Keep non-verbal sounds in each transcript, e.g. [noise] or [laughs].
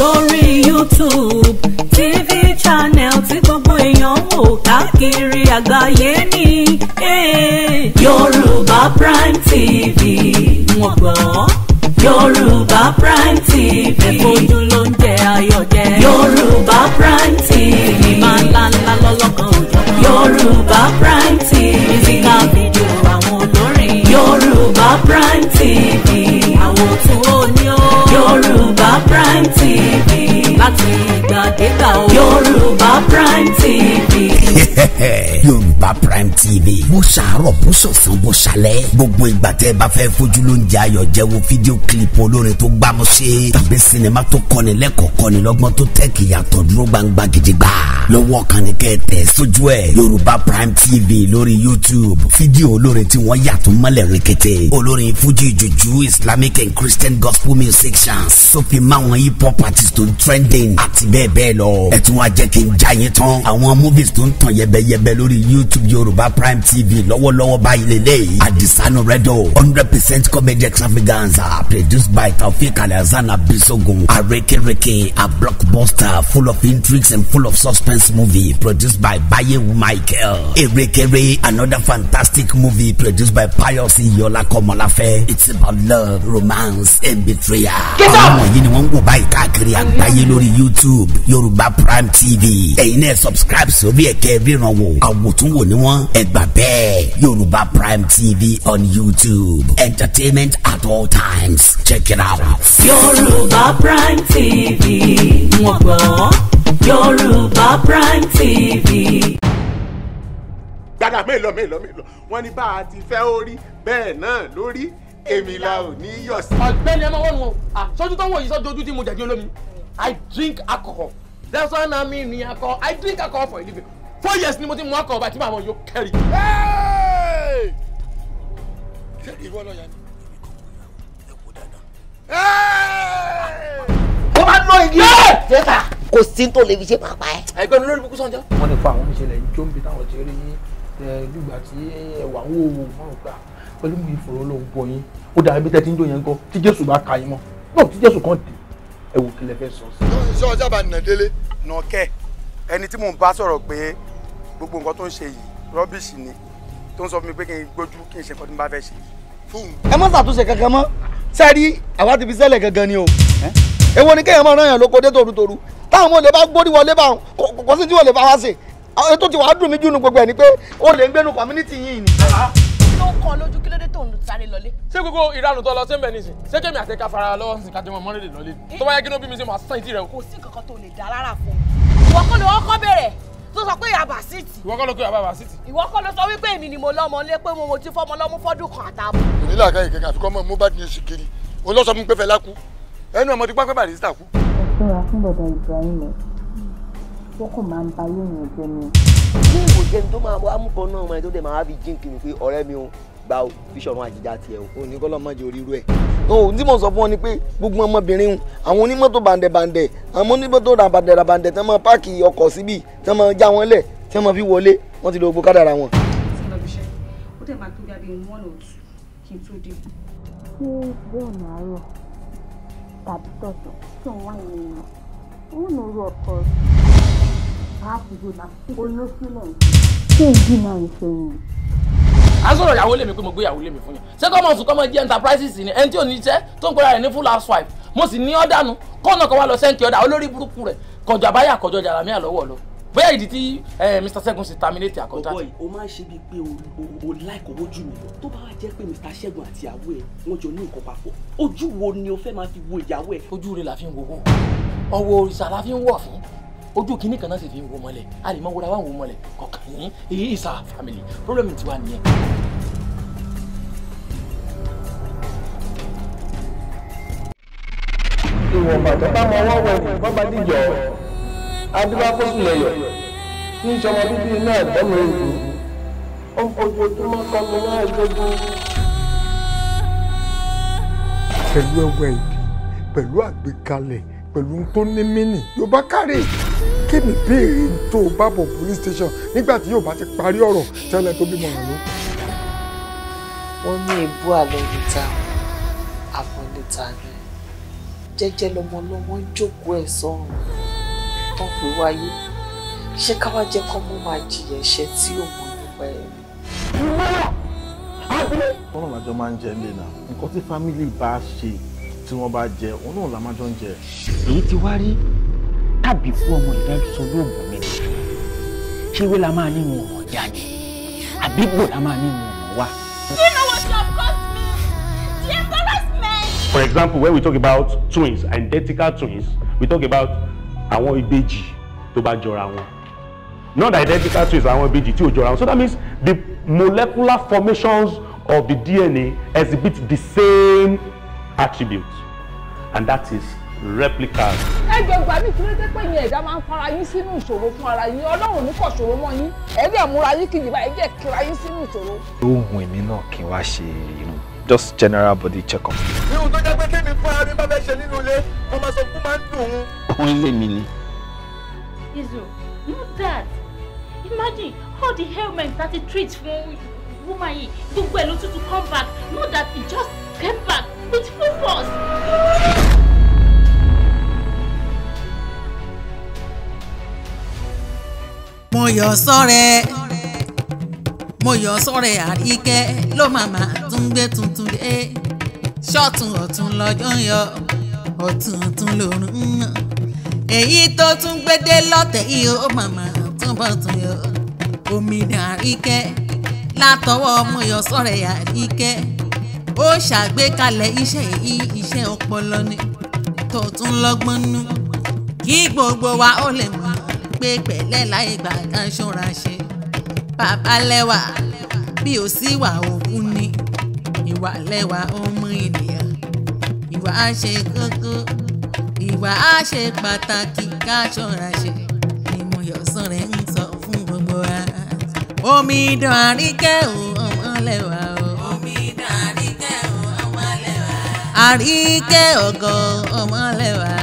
lórí YouTube TV channel tí gbogbo èèyàn ń wò káàkiri àgbáyé ni eh, Yorùbá Prime TV wọ́n gbọ́. Yorùbá Prime TV ẹ̀kọ́ ojú ló ń jẹ ayọ̀ Yorùbá Prime TV máa ń lọ́lọ́kan òjò. Yorùbá Prime TV mísíkà fídíò àwọn olórin. Yorùbá Prime TV àwọn tó ní ó. Yorùbá Prime TV láti ìgbàdégbà o. Yorùbá Prime TV yorùbá prime tv bó ṣàárọ̀ bó ṣọ̀sán bó ṣalẹ́ gbogbo ìgbà tẹ́ ẹ bá fẹ́ fojú ló ń jẹ ayọ̀ jẹ́ wo fídíò kílípù olórin tó gbámúṣé tàbí sinimá tó kọ́ni lẹ́kọ̀ọ́ kọ́ni lọ́gbọ́n tó tẹ́ kìyàtọ̀ dúró gbangba gidigba lọ́wọ́ kan ní kẹ́ ẹ yorùbá prime tv lórí youtube fídíò olórin tí wọ́n yàtọ̀ mọ́lẹ̀ rẹ̀kẹ̀tẹ̀ olórin fújì jùjú islamic and christian gospel music chants sófin máwọn hip hop artist tó ń trending àti bẹ́ẹ̀ bẹ́ẹ̀ lọ ẹ̀ tún wá jẹ́ kí n já yín tán àwọn movies tó ń tàn yẹbẹyẹ yẹbẹ lórí youtube yorùbá prime tv lọ́wọ́lọ́wọ́ báyìí lélẹ́yìí adisanu redo hundred percent comedy extravaganza produced by taofik alhassan abisogun arekereke a blockbuster full of intrigues and full of suspense movie produced by bayewu michael erekere another fantastic movie produced by pius iyola komolafe it's about love romance and betrayal. àwọn yìí ni wọ́n ń wò báyìí káàkiri àgbáyé lórí youtube yorùbá prime tv ẹ̀yin náà subscribe sórí ẹ̀kẹ́ ríran wò àwòtúnwò ni wọ́n ẹ gbà bẹ́ẹ̀ Yorùbá Prime TV on YouTube entertainment at all times check it out. Yorùbá Prime TV wọ́n gbọ́ Yorùbá Prime TV. gbàgà mélòó mélòó mélòó wọn ní bá a ti fẹ́ orí bẹ́ẹ̀ náà lórí èmi la ò ní yọ̀ sí. ọ̀gbẹ́ni ẹ máa wọ́n wọn ah, sọ́jú tó ń wọ̀ yìí sọ́jú ojú tí mo jẹ̀dí olómi I drink alcohol that's why na me ni alcohol I drink alcohol for a living four years ni mo ti mú ọkọ̀ ọba tí màá mọ yóò kẹ́rì. ṣé ìwọ lọ yà ni. ó bá lọ igi fẹ́fà kò sí tó lè fi ṣe pàpà ẹ. ẹgbẹ́ mi lórí bukúsọ̀ jẹ́. wọ́n ní fún àwọn ìṣẹ̀lẹ̀ jọ́ǹbì táwọn ti rí nígbà tí ẹ̀wà ń wò wò fún ọ̀gá pẹ̀lú mi ìfòrò ló ń bọ̀ yín ó dàbí tẹ́tí ń jó yẹn gan tí Jésù bá ka yín mọ́ náà tí Jésù kan dé ẹ̀wù kìlẹ̀ fẹ́ sọ sí. ṣé ọjà bá nà délé nà kẹ́ ẹni tí mò ń bá sọ̀rọ̀ pé gbogbo nǹkan tó ń ṣe yìí rọ́bìṣì ni tó ń sọ fún mi pé kí n gbójú kí n ṣe nǹkan tí mo bá fẹ́ ṣe fóun. ẹ má ṣàtúnṣe kankan mọ́ sẹ́ẹ̀rí àwa ti fi sẹ́lẹ̀ gangan ni o èwo ni kéèyàn máa ràn yàn lóko dé torutoru táwọn ọmọ olè bá gbórí wọlé bá kò sí tí wọ́n lè bá wá ṣe àwọn ètò tí wàá dùn mí jù nu gbogbo ẹ̀ ni pé ó lè ń gbénu community yìí ni. ló ń kọ lójú kí ló dé tó ń sáré lọlé. ṣé gbogbo ìranù tó lọ sí mbẹ́ni sí ṣé kémi àti ẹ̀ka fara lọ́wọ́ sí kájọ́ mọ́ mọ́rẹ́lẹ̀ lọ́lé tó bá yẹ kí ló bí mi ṣe máa sàn ìdí rẹ̀ o. kò sí nǹkan kan tó lè dá rárá fún un. ìwọ tó sọ pé ìyá bàṣítì. ìwọ kọ́ ló pé ìyá bàṣítì. ìwọ kọ́ ló sọ wípé èmi ni mo lọ́mọ lé pé mo ti fọ́mọ lọ́mú fọ́dún kan àtààbọ̀. nílẹ̀ àká ìkẹ́kẹ́ àfikọ́ mọ́ Mohbad ní oṣù kiri òun lọ́sọ mi pé fẹ́ lákú ẹnu ọmọ ti pápẹ́ Barrister kú. ẹ ṣọ́ra fún bọ̀dọ̀ Ibrahim wọn kò máa ń ba yóò yàn jẹ ni. ilé ìwòjẹni tó máa wá mú kan náà mọ gbà ó fi ṣọ̀run àjèjà tiẹ̀ o òní kọ́ lọ́mọ jẹ́ orírú ẹ̀. ohun tí mo sọ fún ọ ni pé gbogbo ọmọbìnrin àwọn onímọ́tò bàǹdẹ̀bàǹdẹ̀ àwọn onímọ́tò ràbàǹdẹ̀ràbàǹdẹ̀ tán máa páàkì ọkọ̀ síbì tán máa já wọn lẹ̀ tí wọ́n máa fi wọlé wọ́n ti lo gbogbo kádàrà wọn. ṣé bọ́ọ̀nù àárọ̀ ń wá ìrìnà à ń sọ̀rọ̀ ìyàwó lèmi pé mo gbé ìyàwó lèmi fún yín ṣé kọ́mọ sùn kọ́mọ jẹ́ enterprises ni ẹni tí ò ní iṣẹ́ tó ń pera rẹ̀ ní full housewife mo sì ní ọ̀dà nu kọ́nà kan wá lọ sẹ́ńkì ọ̀dà olórí burúkú rẹ̀ kọjọ àbáyà kọjọ jàràmíà lọ́wọ́ lọ bóyá ìdí tí eh, Mr Ṣẹ́gun ṣe terminate àkọ́tà. ọ̀bọ̀ yìí o máa ń ṣe bíi pé o láìkọ̀ ojú mi lọ tó bá wá jẹ́ pé Mr Ṣẹ́gun àti ìyàwó ẹ̀ wọ́n jọ ní nǹkan papọ̀ ojú wo ni o fẹ́ máa fi wo ìyàwó ẹ̀. ojú rẹ̀ la fi ń wo owó ọwọ́ òrìṣà la fi ń wọ̀ fún ojú kìíní kan náà sì fi ń wo mọ́lẹ̀ a lè mọ wúra ń wo mọ́lẹ̀ kọ̀ọ̀kan yín èyí ìsà family problem tiwa nìyẹn. ìwọ̀n bàtọ́ bá mọ ọwọ́ wẹ̀yìn bọ́ba díjọ́ adúláfọ́sùlẹ̀yọ̀ tí ń sọmọ bíbí náà dẹ́nu ìlú ó ń fojoojúmọ́ kọ́ mi náà gbogbo. pẹ̀lú ẹwẹ́ ìdí pẹ̀lú àgbékalẹ̀ pẹ̀lú ohun tó ní mínì yóò bá kárí kí ni béèrè tó bá bọ̀ police station nígbà tí yóò bá ti parí ọ̀rọ̀ tẹ́lẹ̀ tó bímọ rẹ̀ ló. wọ́n ní ebú àlọ́ níta àbọ̀ níta rẹ̀ jẹ́jẹ́ lọmọ lọ́wọ́ ń jókòó ẹ̀ sọ́run tó pé wáyé ṣé káwá jẹ́ kọ́ mọ́ máa jìyà ẹ̀ṣẹ̀ tí ò mọ̀ nípa ẹ̀ ni. tọ́nà làjọ máa ń jẹ ilé nǹkan tí fámìlì bá ṣe tí wọ́n bá jẹ òun náà làmájọ ń jẹ. èyí ti wá rí tàbí fún ọmọ ìdá lóògùn mi ni ṣé wé la máa ní ìwọ̀n ọ̀já ni àbí gbò la máa ní ìwọ̀n wa. For example, when we talk about twins, identical twins, we talk about àwọn ìbejì tó bá jọra wọn not identical twins àwọn ìbejì tí ò jọra wọn so that means the molecular formations of the DNA exhibit the same attributes and that is replicas ẹjọ gbà mí kí ló dé pé yẹn ẹ̀dá máa ń fara yín sínú ìṣòro fún ara yín ọlọ́run ní kò ṣòro mọ́ yín ẹ̀dẹ̀ múra yín kìjì báyìí jẹ́ kíra yín sínú ìṣòro. ó èmi náà kí n wá ṣe inú just general body check up. irun tó jẹ́ pé kémi fún ara mi bá fẹ́ ṣe nínú ilé mo máa sọ fún máa ń dùn ún. òun lè mi ni. Izu, not that imagine all the ailments that he treats fún woman yìí gbogbo ẹ̀ ló tún tún come back not that he just came back with full force. mo yọ̀ sọ́rẹ́ mo yọ̀ sọ́rẹ́ àríkẹ́ ló màmá tún gbé tuntun dé ṣọ́tún ọ̀tún lọ́jọ́ ń yọ ọ̀tún ọ̀tún lòrùn ń yàn èyí tó tún gbé dé lọ́tẹ̀ yìí ó màmá tún bọ̀ tún yọ omi àríkẹ́ látọwọ́ mo yọ̀ sọ́rẹ́ àríkẹ́ ó ṣàgbékalẹ̀ iṣẹ́ yìí iṣẹ́ ọpọlọ ni tó tún lọ́gbọ́n nú kí gbogbo wa ó lè mọ̀ pé pẹ̀lẹ́ láì gbàgán ṣọ́ra ṣe bàbá lẹ́wà bí ó sì wà òkú ni ìwà lẹ́wà ọmọ ènìyàn ìwà á ṣe kókó ìwà á ṣe pàtàkì ká ṣọ́ra ṣe ni mo ń sọ fún gbogbo wa omi ìdán àríkẹ́ ò ọmọ lẹ́wà o omi ìdán àríkẹ́ ò ọmọ lẹ́wà àríkẹ́ ọ̀gọ̀ ọmọ lẹ́wà.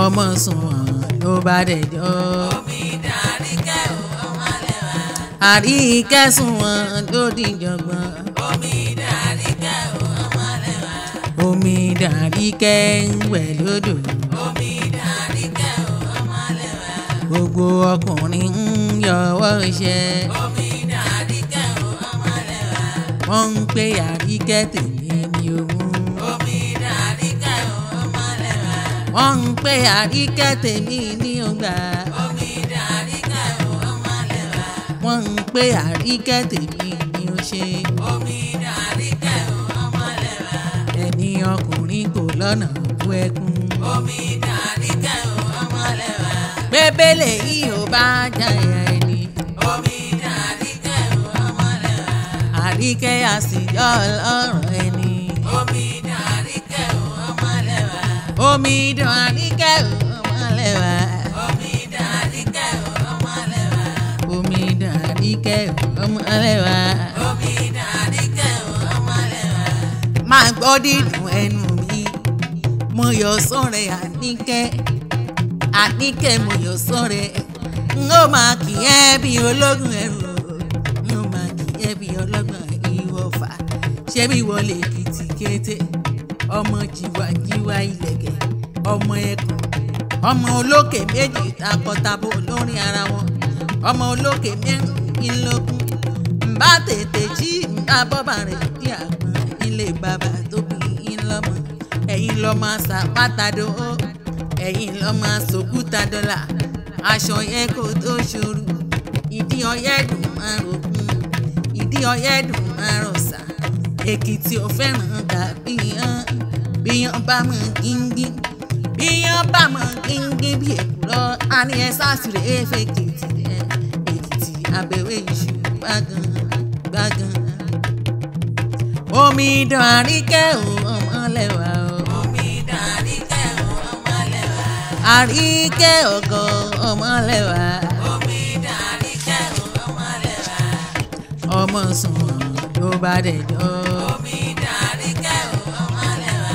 ọmọ sùnwọ̀n ló bá dẹjọ́. omidan àríkẹ́ ò ọmọ lẹ́wà. àríkẹ́ sùnwọ̀n ló dìjọ̀gbọ́n. omidan àríkẹ́ ò ọmọ lẹ́wà. omidan àríkẹ́ ń wẹ̀ lódò. omidan àríkẹ́ ò ọmọ lẹ́wà. gbogbo ọkùnrin ń yọwọ́ iṣẹ́. omidan àríkẹ́ ò ọmọ lẹ́wà. wọ́n ń pè àríkẹ́ tèmi. wọ́n ń pe àríkẹ́ tèmi ní ọgbà. omi ìdá àríkẹ́ ò máa lẹ́wà. wọ́n ń pe àríkẹ́ tèmi ní ọṣẹ. omi ìdá àríkẹ́ ò máa lẹ́wà. ẹni ọkùnrin kò lọ́nà òkú ẹkún. omi ìdá àríkẹ́ ò máa lẹ́wà. pépélé yìí ò bá jàyà ẹni. omi ìdá àríkẹ́ ò máa lẹ́wà. àríkẹ́ àsìyọ́ ọlọ́run ẹni. omidan Àníkẹ́ Ọmọlẹ́wà. omidan Àníkẹ́ Ọmọlẹ́wà. omidan Àníkẹ́ Ọmọlẹ́wà. omidan Àníkẹ́ Ọmọlẹ́wà. máa gbọ́ dídùn ẹnu mi mo yọ̀ sọ́rẹ́ Àníkẹ́ Àníkẹ́ mo yọ̀ sọ́rẹ́ n ó máa kì í ẹ́ bí ológun ẹrù n ó máa kì í ẹ́ bí ọlọ́gbọ̀n ìwọ̀fà ṣé bí wọlé kìtìkété ọmọ jìwàjìwà ìlẹ̀kẹ̀ ọmọ ẹkùn ọmọ olókè méjì takọtabo lórí ara wọn ọmọ olókè mẹ́rìnlélógún nbá tètè jí nbá bọ́bà rẹ̀ kí àgbọn ilé bàbá tóbi ńlọmọ ẹ̀yin lọ́mọ àṣàpàtàdó ẹ̀yin lọ́mọ àṣòkúta dọ́là aṣọ yẹn kò tó ṣòro ìdí ọyẹ́ dùn márùn-ún ìdí ọyẹ́ dùn márùn-ún èkìtì ò fẹ́ràn gà bíyàn bíyàn bá mọ̀ gíngí bíyàn bá mọ̀ gíngí bí èkúrọ́ àní ẹ sásìrè é fèkìtì ẹ èkìtì abẹ́wé iṣu gbágan gbágan. omidan àríkẹ́ ò ọmọlẹ́wà o. omidan àríkẹ́ ò ọmọlẹ́wà. àríkẹ́ ògo ọmọlẹ́wà. omidan àríkẹ́ ò ọmọlẹ́wà. ọmọ sùn tó bá dẹjọ́. omidan àríkẹ́ ò ọmọ lẹ́wà.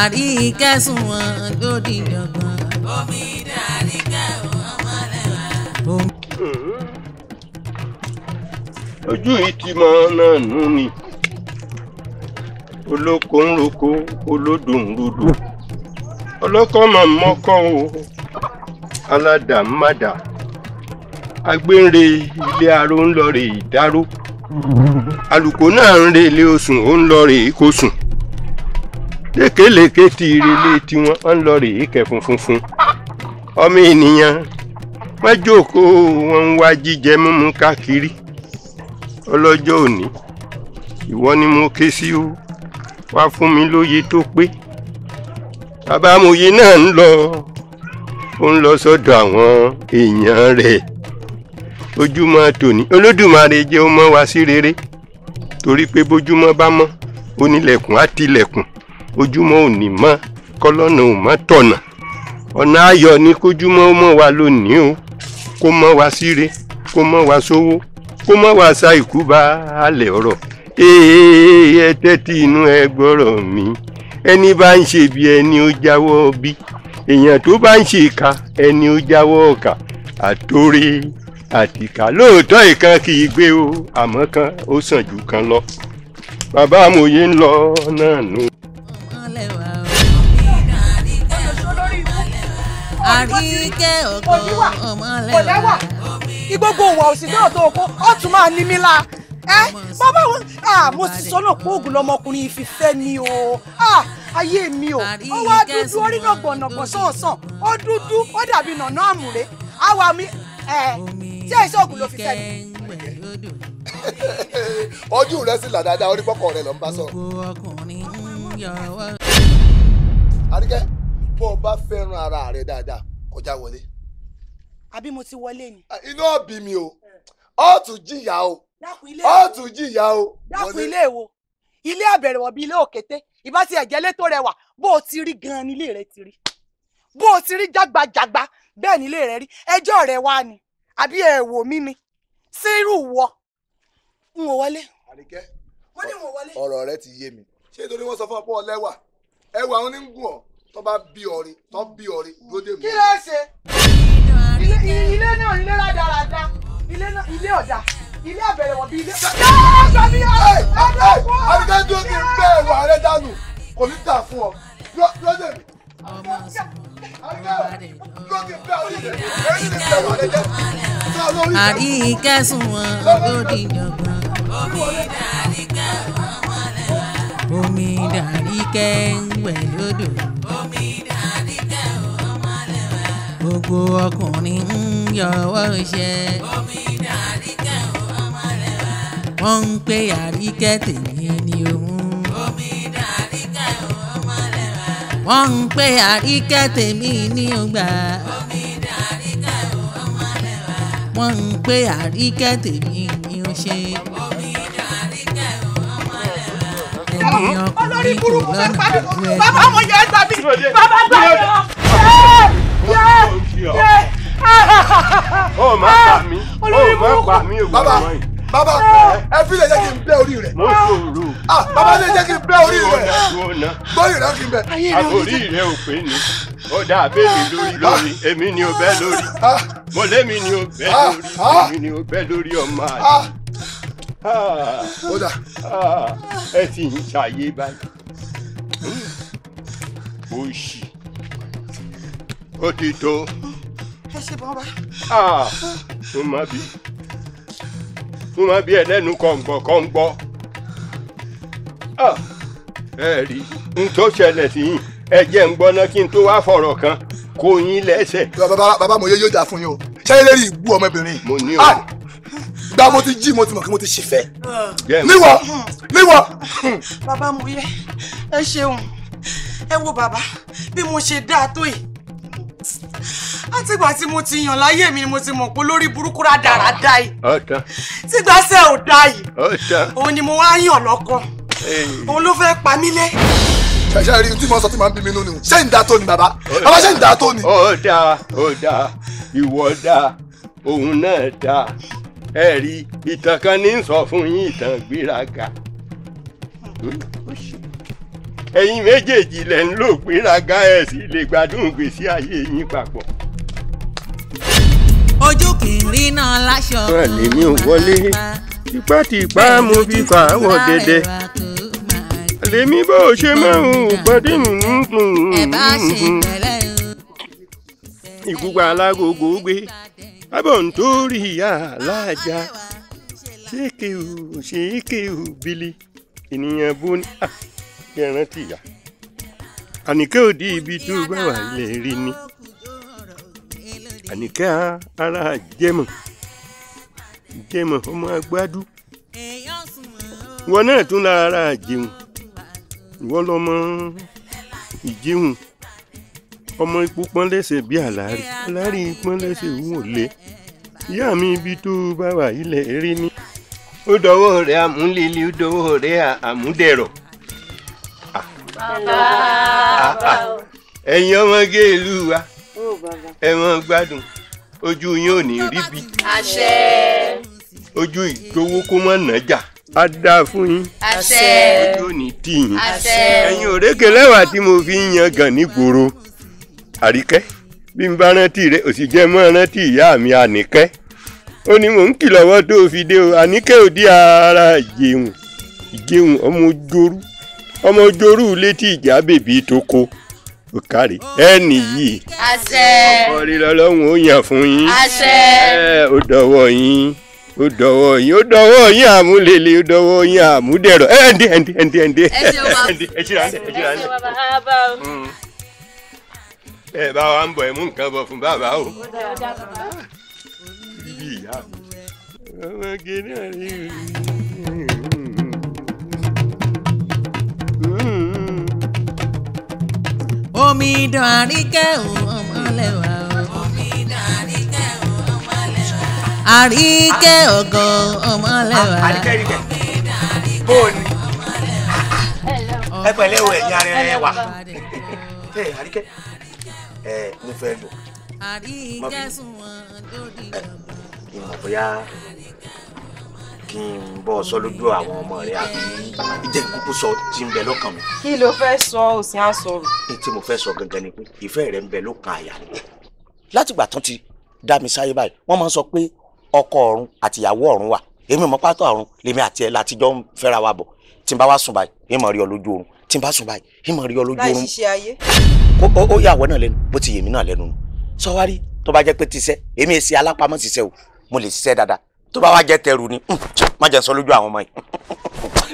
àríkẹ́ sùn wọn tó di jọ̀gbọ́n. omidan àríkẹ́ ò ọmọ lẹ́wà. ojú yìí ti mọ náà nù ni olóko ń roko olódò ń rodò ọlọ́kọ́ máa mọ́kọ́ o aládàá ń mádàá agbére ilé aró ń lọ rè dáró. àlùkò náà ń relé osùn ó ń lọ rèé kó sùn lékelèké ti relé tiwọn ó ń lọ rèé kẹfun funfun ọmọ ènìyàn wọn jókòó wọn ń wá jíjẹ mímu káàkiri ọlọ́jọ́ òní ìwọ ni mo ké sí o wá fún mi lóye tó pé bàbá amòye náà ń lọ ó ń ojúmọ́ tòní olódùmarè jẹ́ ó mọ́ wa sí rere torí pé bójúmọ́ bá mọ́ onílẹ̀kùn á tilẹ̀kùn ojúmọ́ ò ní mọ́ kọ́lọ́nà ò mọ́ tọ̀nà ọ̀nà ayọ̀ ni kójúmọ́ ó wa lónìí o kó mọ́ wa síre kó mọ́ wa sówó kó mọ́ wa sa ìkú bá alẹ̀ ọ̀rọ̀ ee ẹ tẹ́tí inú ẹ gbọ́rọ̀ mi ẹni bá ń ṣe bí ẹni ó jáwọ́ bí èèyàn tó bá ń ṣe ìka ẹni ó jáwọ́ ọ̀kà àtórí àtìkà lóòótọ́ ìkan kì í gbé o àmọ́ kan ó sàn jù kan lọ bàbá amòye ń lọ náà nù. àríkẹ́ ọ̀gbọ́n ọmọlẹ́wà kí gbogbo ìwà òsì náà tó kó ó tún máa ní mí la ẹ bàbá wọn mo sì sọ náà pé oògùn lọmọkùnrin ìfìfẹ́ ni o ayé mi o ó wá dúdú orí náà gbọ̀nàgbọ̀n sọ̀ọ̀sàn ó dúdú ó dàbí nànà àmùrè àwa mi ẹ ṣé iṣẹ́ òògùn ló fi sẹ́ni. [laughs] ojú rẹ sì là dáadáa orí pọ́kọ rẹ ló ń bá sọ̀rọ̀. àríkẹ́ bó o bá fẹ́ràn ara rẹ dáadáa kọjá wọlé. àbí mo ti wọlé ni. Ah, inú ọ̀bì mi o ó jìyà o ó tún jìyà o. dákun ilé èwo ilé àbẹ̀rẹ̀wọ̀ bíi ilé òkété ìbá ti ẹ̀jẹ̀ lé rẹwà bó o ti rí gan-an nílé rẹ ti rí bó o ti rí jágbajàgba bẹ́ẹ̀ nílé rẹ rí ẹjọ́ rẹ wá ni àbí ẹ wò mí ni ṣé irú wọ n ò wọlé. àríkẹ́ mo ní n ò wọlé. ọ̀rọ̀ rẹ ti yé mi ṣé nítorí wọ́n sọ fún ọ pé ọ lẹ́wà ẹwà òun ní ń gùn ọ tó bá bí ọrí tó bí ọrí ló dé mú. kí ló ṣe ilé náà ilé rádaràda ilé ọ̀dà ilé àbẹ̀rẹ̀ wọ̀ bí ilé. dáadáa mi ọ̀rẹ́ ọ̀dọ́ fún ọ. àríkẹ́ dúró kí n bẹ́ẹ̀ wà rẹ dànù kò ní dà fún ọ lọ́dẹ̀ mi àríkẹ́ sùn wọn lórí ìjọ̀gbọ́n omi dàríkẹ́ ń wẹ̀ lódò gbogbo ọkùnrin ń yọwọ́ iṣẹ́ wọ́n ń pè àríkẹ́ tèmi. wọ́n ń pè àríkẹ́ tèmi ní ọgbà. omidan àríkẹ́ ò ọmọ lẹ́wà. wọ́n ń pè àríkẹ́ tèmi ní ọṣẹ. omidan àríkẹ́ ò ọmọ lẹ́wà. bàbá mo yẹ ẹ tàbí bàbá gbà yọ. yẹ yẹ yẹ. Baba, ah. ẹ fi lè jẹ́ kí n bẹ́ orí rẹ̀. ah Baba, lè jẹ́ kí n bẹ́ orí rẹ̀. gbóyè náà kí n bẹ. àbórí rẹ ò pé ni ó dá abéèrè lórí ah. lórí èmi ni ó bẹ́ lórí ah. mo lémi ni ó bẹ́ lórí èmi ni ó bẹ́ lórí ọmọ àlè. ó dà. ẹ ti ń ṣàyè báyìí. ó ṣì ó ti tó. ẹ ṣe bọ́n bá. ó má bí mo máa bí ẹlẹ́nu kọ̀ǹgbọ̀ kọ̀ǹgbọ̀ ah, ẹ rí n tó ṣẹlẹ̀ sí yín ẹ jẹ́ ń gbọ́ ná kí n tó wá fọ̀rọ̀ kan kó yín lẹ́sẹ̀. bàbá bàbá mo yé yóò dà fún yín o ṣáyé lérí ìgbú ọmọbìnrin. mo ní o. Ah, gba mo ti jí mo ti mọ̀ kí mo ti ṣìfẹ́. níwọ níwọ. bàbá mo yẹ ẹ ṣeun ẹ wo bàbá bí mo ṣe dáa tó yìí látìgbà tí mo ti yàn láyé mi ni mo ti mọ̀ pé lórí burúkú rádaràda yìí tígbàsẹ̀ ò dá yìí òun ni mo wá yàn lọ́kọ òun ló fẹ́ pa mí lẹ́ ṣe rí tí mo tí mo bí mi nínú ṣé ń da tó ni bàbá bàbá ṣé ń da tó ni. ó dáa ó dáa ìwọ dáa òun náà dáa ẹ rí ìtàn kan ní sọ fún yín ìtàn gbéraga ẹ̀yin méjèèjì lẹ ń gbéraga ẹ sì lè gbádùn ìgbésí ayé yín papọ̀ ìrìnà láṣọ tó máa lè mi ò wọlé tipátipá mo fi fà á wọ dẹdẹ lèmi bó o ṣe máa ń pàdé nínú ìgbúgba alágogo gbé abọ́ ń torí ìyá aláàjà ṣéèké ò ṣéèké ò bili ènìyàn bó ní ah, à kẹrántì ìyá àníkẹ́ ibi tó bá wà lè rí ni àníkẹ́ ara jẹ́mọ̀ jẹ́mọ̀ ọmọ agbádú wọn náà tún lára jẹun ìwọ lọmọ ìjẹun ọmọ ipò pọ́n lẹ́sẹ̀ bí àlárí àlárí pọ́n lẹ́sẹ̀ wò lé ìyá mi ibi tó bá wà ilẹ̀ rí ni. ó dọwọ́ rẹ̀ àmúlélí ó dọwọ́ rẹ̀ àmúdẹ̀rọ̀. ẹ̀yin ọmọge ìlú wa. Oh, ẹ máa gbádùn ojú yín ò ní rí bí ojú ìgbowó kó mọ̀ nájà á dáa fún yín ojú ò ní tì yín ẹ̀yin òrékè lẹ́wà tí mo fi ń yan gàn nígboro àríkẹ́ bí n bá rántí rẹ òsì jẹ́ mọ́ rántí ìyá mi àníkẹ́ ó ní mò ń kìlọ̀wọ́ tó fi dé o àníkẹ́ òdi ara ìjẹun ìjẹun ọmọ ojoru ọmọ ojoru létí ìjà bèbí tó ko òkárì ẹnì yìí àṣẹ ọkọ rírọ lọ́hùn ó yàn fún yín àṣẹ ẹ ó dọwọ́ yín ó dọwọ́ yín ó dọwọ́ yín àmúlélẹ ó dọwọ́ yín àmúdẹ̀rọ̀ ẹ ẹndí ẹndí ẹndí ẹndí ẹndí ẹ ṣíra ẹ ṣíra ẹ mm. ẹ bá wa ń bọ̀ ẹ nǹkan bọ̀ fún bàbá o bíbí ìyá mi ọmọge náà rí Omi omidan àríkẹ́ ò ọmọlẹ́wà o. omidan àríkẹ́ ò ọmọlẹ́wà. àríkẹ́ ògo ọmọlẹ́wà. àríkẹ́ àríkẹ́ bóòni ẹ pẹ̀lẹ́ o ẹ̀yin ara ẹ wà ẹ àríkẹ́ ẹ mo fẹ́ lò. àríkẹ́ sùn wọn lórí ọgbọ́n. ìmọ̀ bóyá kí n bọ́ sọ lójú àwọn ọmọ rẹ àbí ìjẹ́ kúkú sọ ti ń bẹ lọ́kàn mi. kí ló fẹ́ sọ òsín àsọ̀rọ̀. ní tí mo fẹ́ sọ gangan ni pé ìfẹ́ rẹ ń bẹ lọ́kàn àyà mi. látìgbà tán ti dá mi sáyé báyìí wọ́n máa ń sọ pé ọkọ ọ̀run àtìyàwó ọ̀run wà èmi mọ̀ pátá ọ̀run lèmi àti ẹ̀ látijọ́ ń fẹ́ra wa bọ̀ tí n bá wá sùn báyìí ìmọ̀ rí ọ lójú oorun tí n bá sùn báyìí ìmọ̀ rí ọ lójú oorun. láì ṣiṣẹ́ ayé. ó yà wọ́n náà lẹ́nu bó ti yèmí náà lẹ́nu sọ wá rí tó bá jẹ́ pé ti sẹ́ èmi èsì alápamọ́ ti sẹ́ o mo lè ṣiṣẹ́ dáadáa tó bá wá jẹ́ tẹrù ni um, má jẹ́ sọ lójú àwọn ọmọ yìí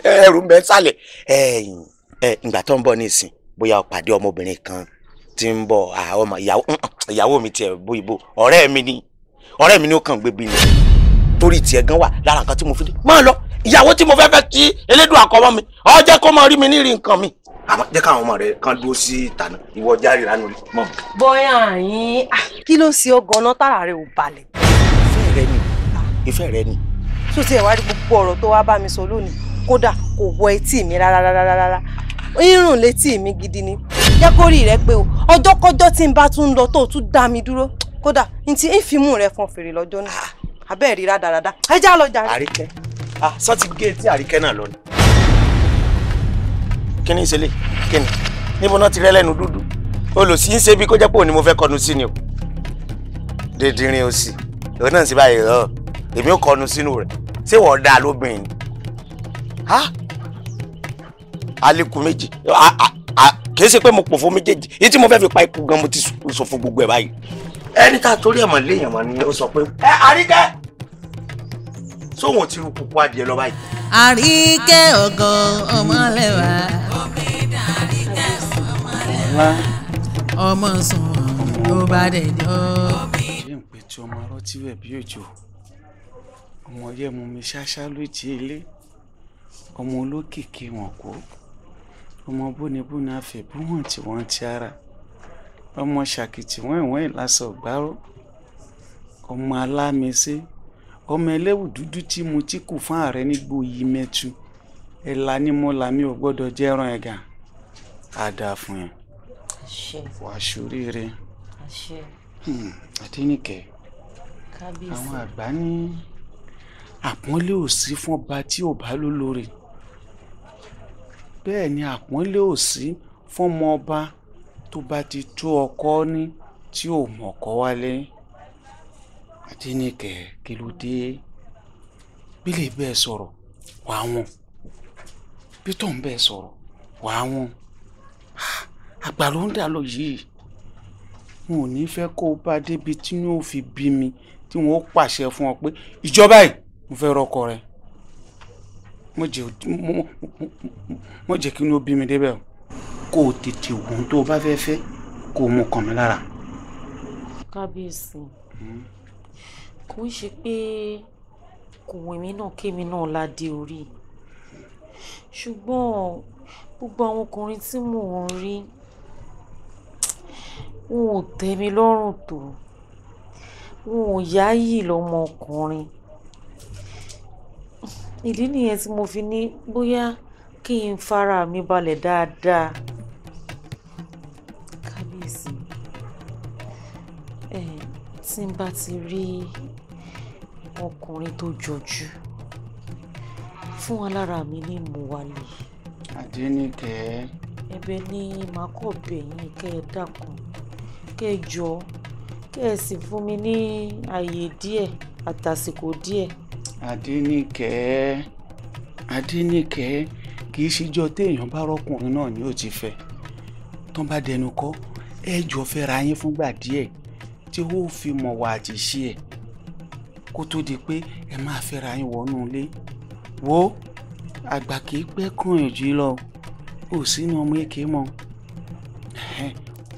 [laughs] ẹrù ń bẹ sálẹ̀ ẹ̀yìn ẹ̀ ìgbà tó ń bọ̀ nísìn bóyá o pàdé ọmọbìnrin kan tí ń bọ̀ ọmọ ìyàwó um, mi tiẹ̀ bóyìnbó ọ̀rẹ́ mi ni ọ̀rẹ́ mi ni ó kàn gbébi ni torí tiẹ̀ gan wà lára nǹkan tí mo fi dé máa lọ ìyàwó tí mo fẹ́ fẹ́ tí elédùn àkọ́mọ́ mi ó jẹ́ kó máa rí mi nírí nǹkan mi. àmọ́ jẹ́ káwọn ọmọ rẹ̀ kan dúró sí ìtànà ìwọ járe ránú mọ́. bóyá àyín ah, kí ló ṣe ọ tára rẹ ò balẹ̀ ìfẹ́ rẹ ni. tó tiẹ̀ wá rí gbogbo ọ̀rọ̀ tó wá bá mi sọ lónìí kódà kò wọ etí mi rárá rárá rárá irun létí mi gidi ni jẹ́ kó rí rẹ pé o ọjọ́kọ́jọ́ tí n bá tún lọ tó tún dá mi dúró kódà n ti ń fimú rẹ fọn fèrè lọ́jọ́ náà abẹ́ rí rádaràda ẹ já lọ jàre. àríkẹ́ ah sọ ti gé etí àríkẹ́ náà lọ ni. kí ni ìṣẹ̀lẹ̀ kí ni níbo náà ti rẹ́ lẹ́nu dúdú olùsí ń ṣe bí kó jẹ́ pé òun ni mo fẹ́ kọnu sí ni o dèdìrín òsì òun náà sì báyìí rọ̀ èmi ò kọnu sínú rẹ̀ ṣé wọ́n dá lóbìnrin ni ha alẹ́kùn méjì kì í ṣe pé mo pò fún méjèèjì èyí tí mo fẹ́ fi pa ipò gan mo ti sọ fún gbogbo ẹ̀ báyìí. ẹni tá a torí ẹ̀ mọ̀ léèyàn mọ̀ ni ó sọ pé ẹ àríkẹ́ sóhun ti rú pupa adìẹ lọ báyìí. àríkẹ́ ọ̀gọ́ ọmọlẹ́wà ọmọ sùn ló bá dẹ̀ jọ. ṣé n pe tí ọmọ arọ rẹ̀ bí òjò ọmọ yẹmu mi ṣáṣá ló jí ilé ọmọ olókìkí wọn kó ọmọ bónibóni àfẹ̀búhàn tí wọ́n ti ara ọmọ ṣàkìtì wọ́n ìwọ́n ìlàsọ̀ gbárò ọmọ alámẹsẹ ọmọ ẹlẹ́wù dúdú tí mo ti kù fún ààrẹ nígbò yìí mẹ́tu ẹ̀la ni mo là mí ò gbọ́dọ̀ jẹ́ràn ẹ̀gà á dáa fún yẹn wàá ṣoríire hmm, Adéníkẹ́ àwọn àgbà ní àpọ́nlé ò sí fún ọba tí ò bá lólórí bẹ́ẹ̀ ni àpọ́nlé ò sí fún ọmọ ọba tó bá ti tó ọkọ ní tí ò mọ̀kọ́ wálé Adéníkẹ́ kí ló dé bílẹ̀ bẹ́ẹ̀ sọ̀rọ̀ wà wọn pétọ́ ń bẹ́ẹ̀ sọ̀rọ̀ wà wọn ah, àgbà ló ń dà lọ yìí n ò ní fẹ́ kó o bá débi tí wọn fi bí mi tí wọn pàṣẹ fún ọ pé ìjọba yìí mo fẹ́ rọ́kọ rẹ mo jẹ mo jẹ kí n ó bí mi débẹ̀ o. kó o tètè ògùn tó o bá fẹ́ fẹ́ kó o mú kàn mí lára. kábíyèsí hmm. kò ń ṣe pé kò wẹ̀mí náà kémi náà ládé orí ṣùgbọ́n gbogbo àwọn ọkùnrin tí mò ń rí wọn ò tẹ́ mi lọ́rùn tó wọn ò yáyì lọ́mọkùnrin ìdí nìyẹn tí mo fi ní bóyá kí n fara mi balẹ̀ dáadáa kábíyèsí ẹ tí n bá ti rí ọkùnrin tó jọjú fún alára mi ní ìmúwalẹ̀. Adéníkẹ́. ẹ̀bẹ̀ ni màá kọ̀ bẹ̀yìn kẹ́ ẹ dákun kẹ́ ẹ jọ kẹ́ ẹ sì fún mi ní ààyè díẹ̀ àtàsìkò díẹ̀ adẹnìkẹ́ adẹnìkẹ́ kì í ṣíjọ téèyàn bá rọkùnrin náà ni ó ti fẹ́ tán bá dẹnu kọ́ ẹ jọ fẹ́ra yín fúngbà díẹ̀ tí ó fi mọ̀ wà àti ṣe ẹ̀ kó tó di pé ẹ máa fẹ́ra yín wọnú ilé wo àgbà kì í pẹ́ kàn ìjì lọ ò sínú ọmọ èké mọ́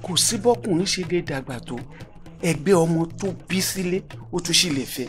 kò sí bọ́kùnrin ṣe lè dàgbà tó ẹgbẹ́ ọmọ tó bí sílé ó tún ṣì lè fẹ́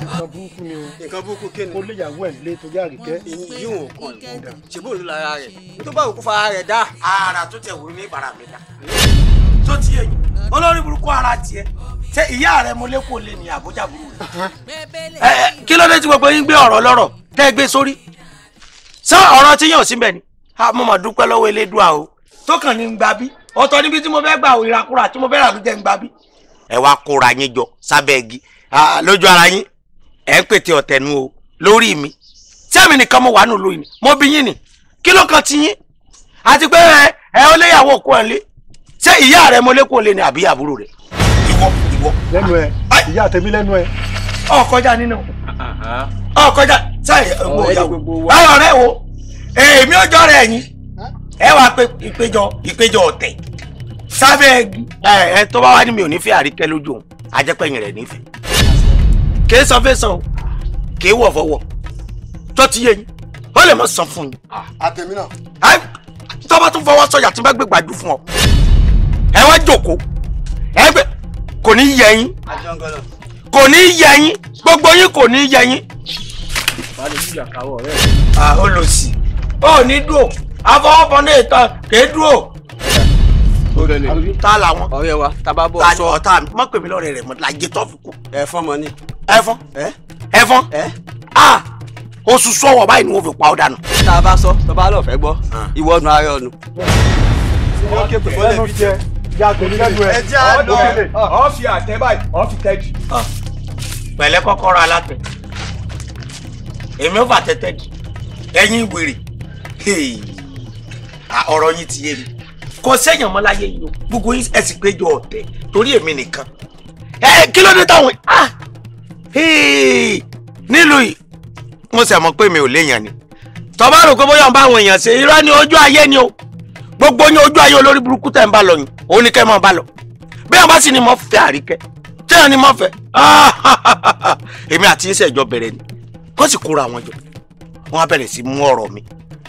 nǹkan burúkú ni o. nǹkan burúkú kí ni. ó lè yàwó ẹ̀ lé torí àríkẹ́. yíyún òkan ìkúdà. ṣèbó ló lára rẹ̀ tó bá òkú fara rẹ̀ dá. ara tó tẹ̀ wò ní ìbára mi dá. tó ti yẹ olórí burúkú ara tiẹ̀ tẹ ìyá rẹ̀ mo lé kó lé ní àbújá burúkú. kí ló dé tí gbogbo yín gbé ọ̀rọ̀ lọ́rọ̀ tẹ́ ẹ gbé sórí. sọ ọ̀rọ̀ tí yàn síbẹ̀ ni mo mà dúpẹ́ lọ́wọ́ elédùà o tó kàn ní gbàbí ọ̀tọ̀ níbi tí mo fẹ́ gbà òyìnbá kúrà tí mo fẹ́ rà ló jẹ́ gbàbí. ẹ wá kóra yín jọ sábẹ́ igi lójú ara yín ẹ̀ ń pètè ọ̀tẹ̀nu o lórí mi tí àmì nìkan mo wà nù lóyún mo bí yín ni kí ló kan ti yín àti pé ẹ ẹ ó léyàwó kó ẹ lé ṣé ìyá rẹ mo lé kó lé ni àbí àbúrò rẹ. ìwọ ìwọ. lẹ́nu ẹ ìyá tèmi lẹ́nu ẹ. ọ kọjá nínú ọ kọjá sáyẹ ọgbọ ìyàwó báyọ rẹ wo èmi ò jọ rẹ yín ẹ wàá pe ìpéjọ ìpéjọ ọ̀tẹ̀ sábẹ́ ẹ tó bá wà ní mi ò ní fẹ́ àríkẹ́ lójú òun ajẹ́pẹ́yìn rẹ̀ nífẹ̀ẹ́ kìí san fẹ́ san o kìí wọ̀ fọwọ́ tó ti yé yín ó lè mọ san fún yín. Ah, àtẹ̀mí náà. ẹ tọ́ba tún fọwọ́ sọ̀yà tí n bá gbé gbàdú fún ọ ẹ wá jókòó ẹ gbé kò ní yẹ yín kò ní yẹ yín gbogbo yín kò ní yẹ yín. olùsì ah, ó ní dúró afọwọ́fọ́ ní ìtàn kéé dúró tá làwọn. ọ̀rẹ́ wa taba bọ sọ ọ̀tá mi má pè mí lọ́rẹ́ rẹ mọ lajẹ tó fi kú. ẹfọn mọ ni. ẹfọn ẹfọn oṣù sọwọ báyìí ni wọn fi pa ọ dànù. tá a bá sọ tọba lọ fẹ́ gbọ́ ìwọ ọdún ara ọdún. pẹ̀lẹ́ kọ́kọ́rọ́ alátẹ èmi ò fà tẹ́tẹ́jú ẹ̀yin wèrè ọ̀rọ̀ yín ti yé mi kò sẹ́yìn ọmọ láyé yìí o gbogbo yín ẹ̀sìn péjọ ọ̀tẹ̀ torí èmi nìkan ẹ kí ló dé táwọn ah! nílùú yìí mo sì mọ̀ pé mi ò léèyàn ni tọ́ba rò pé bóyá ń bá àwọn èèyàn ṣe irọ́ ni ojú ayé ni o gbogbo yín ojú ayé olórí burúkú tẹ̀ ń bá lọ yín òun ni kẹ́ mọ́ bá lọ bí wọ́n bá sì ni mo fẹ́ àríkẹ́ tẹ́yàn ni mo fẹ́ [laughs] èmi àti iṣẹ́ ìjọ bẹ̀rẹ̀ ni kó sì kóra àwọn jọ wọ́n bẹ̀rẹ̀ sí mú ọ̀rọ̀ mi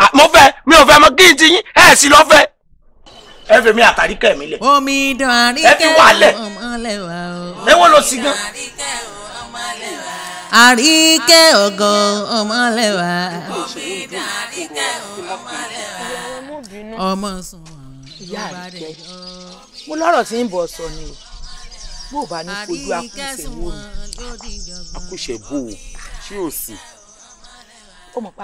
Ah, mo fẹ́ mi ò fẹ́ mọ kí n ti yín ẹ̀ sì lọ́ fẹ́. ẹ fi mi àtàríkẹ́ mi lẹ̀. omi dùn àríkẹ́ ẹ fi wà lẹ̀. ẹ wọ́n lọ sí gan. àríkẹ́ ọ̀gọ̀ ọmọlẹ́wà. omi dùn àríkẹ́ ọmọlẹ́wà. ọmọ sùn ìyá àríkẹ́ mo lọ́rọ̀ tí ń bọ̀ sọ ni o bó o bá ní fojú akúṣe wo ni. akúṣe bò ó ṣé o sì. ó mọ̀ pé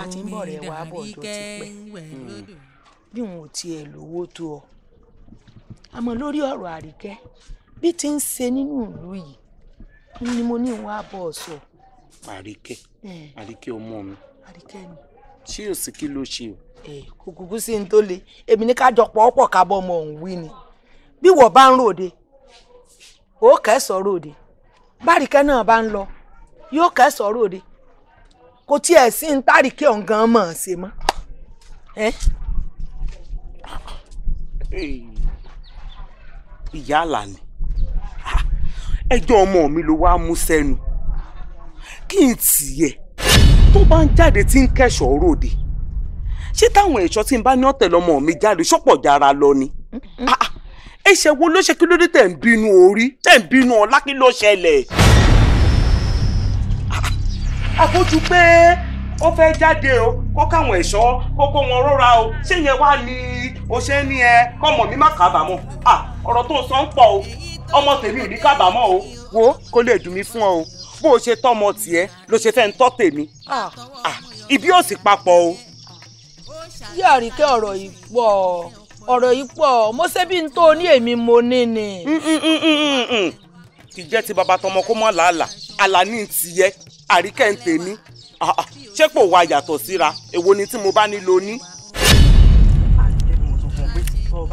a abọọ ń ti pẹ́ hmm. bí wọn ọ lórí ti ṣe nínú ìlú yìí ni mo ní ìwọ àbọ̀ ọ̀sọ̀. àríkẹ́ hmm. àríkẹ́ ọmọ mi àríkẹ́ ni. ṣé o sì kí ló ṣe o. kò sí bá ń ròde ó kẹ́sọ̀ọ́ ròde kò tiẹ̀ sí ń tárì kí òun gan mọ̀ ọ́n ṣe mọ́. ìyá àlàní ah, ẹjọ́ ọmọ mi ló wá mú sẹ́nu kí n tiẹ̀ tó bá ń jáde tí ń kẹ́sọ̀ọ́ ròde ṣé táwọn ẹ̀ṣọ́ tí ń bá ní ọ̀tẹ̀ lọ́mọ mi jáde ṣọ́pọ̀ jára lọ ni ah, ah, ẹ̀ṣẹ̀ wo ló ṣe kí ló dé tẹ̀ ń bínú orí tẹ̀ ń bínú ọlá kí àfojú pé ó fẹ́ jáde o kó káwọn ẹ̀ṣọ́ kó kó wọn rọra o ṣé yẹn wá ní o ṣe ní ẹ kọ́mọ mi má kábàámọ̀ à ọ̀rọ̀ tó sọ ń pọ̀ o ọmọ tèmi ò ní kábàámọ̀ o wo kó lè dùn mí fún ọ o bó o ṣe tọ́mọ tiẹ̀ ló ṣe fẹ́ ń tọ́ tèmi ibi ò sì papọ̀ o. yíyá àríkẹ́ ọ̀rọ̀ yìí pọ̀ ọ̀rọ̀ yìí pọ̀ mo ṣe bí n tó ní èmi mo ní ni. kì í jẹ́ ti bàbá tọmọ kó mọ̀ làálàá alani ń tiyẹ àríkẹ́ ń tèmi ah, ah, ṣé kò wá yàtọ̀ síra èwo ni tí mo bá nílò ní. àjẹbí mo sọ fún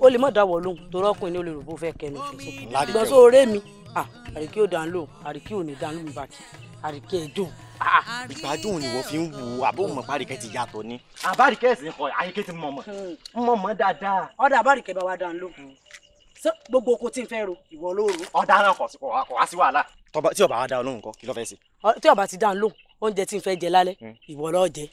ọ lè má dáwọ́ lóhùn torí ọkùnrin ní olè rògbò fẹ́ kẹnu fèsì. ìgbọ́nsó ọ̀rẹ́ mi ah, àríkí ò dán àríkí ò ní dán lóhùn bàtì àríkí ẹ̀ dùn ìgbádùn ni wọ́n fi ń wu àbó mọ̀ bárìkẹ́ ti yàtọ̀ ni. àbárìkẹ́ ẹ̀sìn kọ àyíkẹ́ ti mọ̀ mọ̀ hmm. mọ̀ mọ̀ dáadáa. ọ̀dà àbárìkẹ́ bá wa dàn ló hmm. gbogbo oko tí n fẹ́ ro ìwọ ló ro. ọ̀dà náà kọ̀ kọ̀ wá sí wàhálà. tí ọba wa dá lóhùn kọ kí ló fẹ́ ṣe. tí ọba ti dá lóhùn oúnjẹ tí n fẹ́ jẹ lálẹ́ hmm. ìwọ ló jẹ.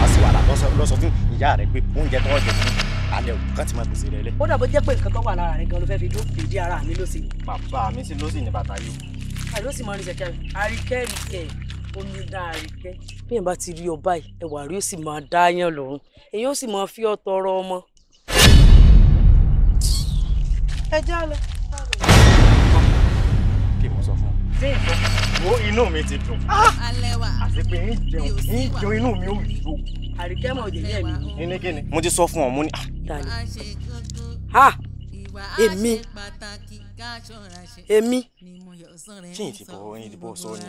wá sí wàhálà lọ sọ fún ìyá rẹ pé oúnjẹ tó ọjọ́ fún alẹ́ òkú ká ti máa pèsè rẹ lẹ. ó dàbọ̀ jẹ́ pé nǹkan tó wà lára rẹ gan ló fẹ́ fi dó dèdí ara mi ló bàbá mi sì ló ní bàtà yìí. àìló sì mọ ní sẹkẹrì àríkẹ́rì kẹ̀ omi dáadé. bí èèyàn bá ti rí ọba yìí ẹwà rí ó sì máa dáyàn lọ́rùn èyí ó sì máa fi ọ́ tọrọ ọmọ. ẹ já lọ. kí mo sọ fún un wo inú mi ti dùn ah! àti pé ń jẹun ń jẹun inú mi ò yó. àríkẹ́ mọ̀ òjò yẹ̀ mi. kíni kíni mo ti sọ fún ọ mo ní. Ah! ha èmi èmi kí n ti bọ̀ ọ́ yín ti bọ̀ sọ ni.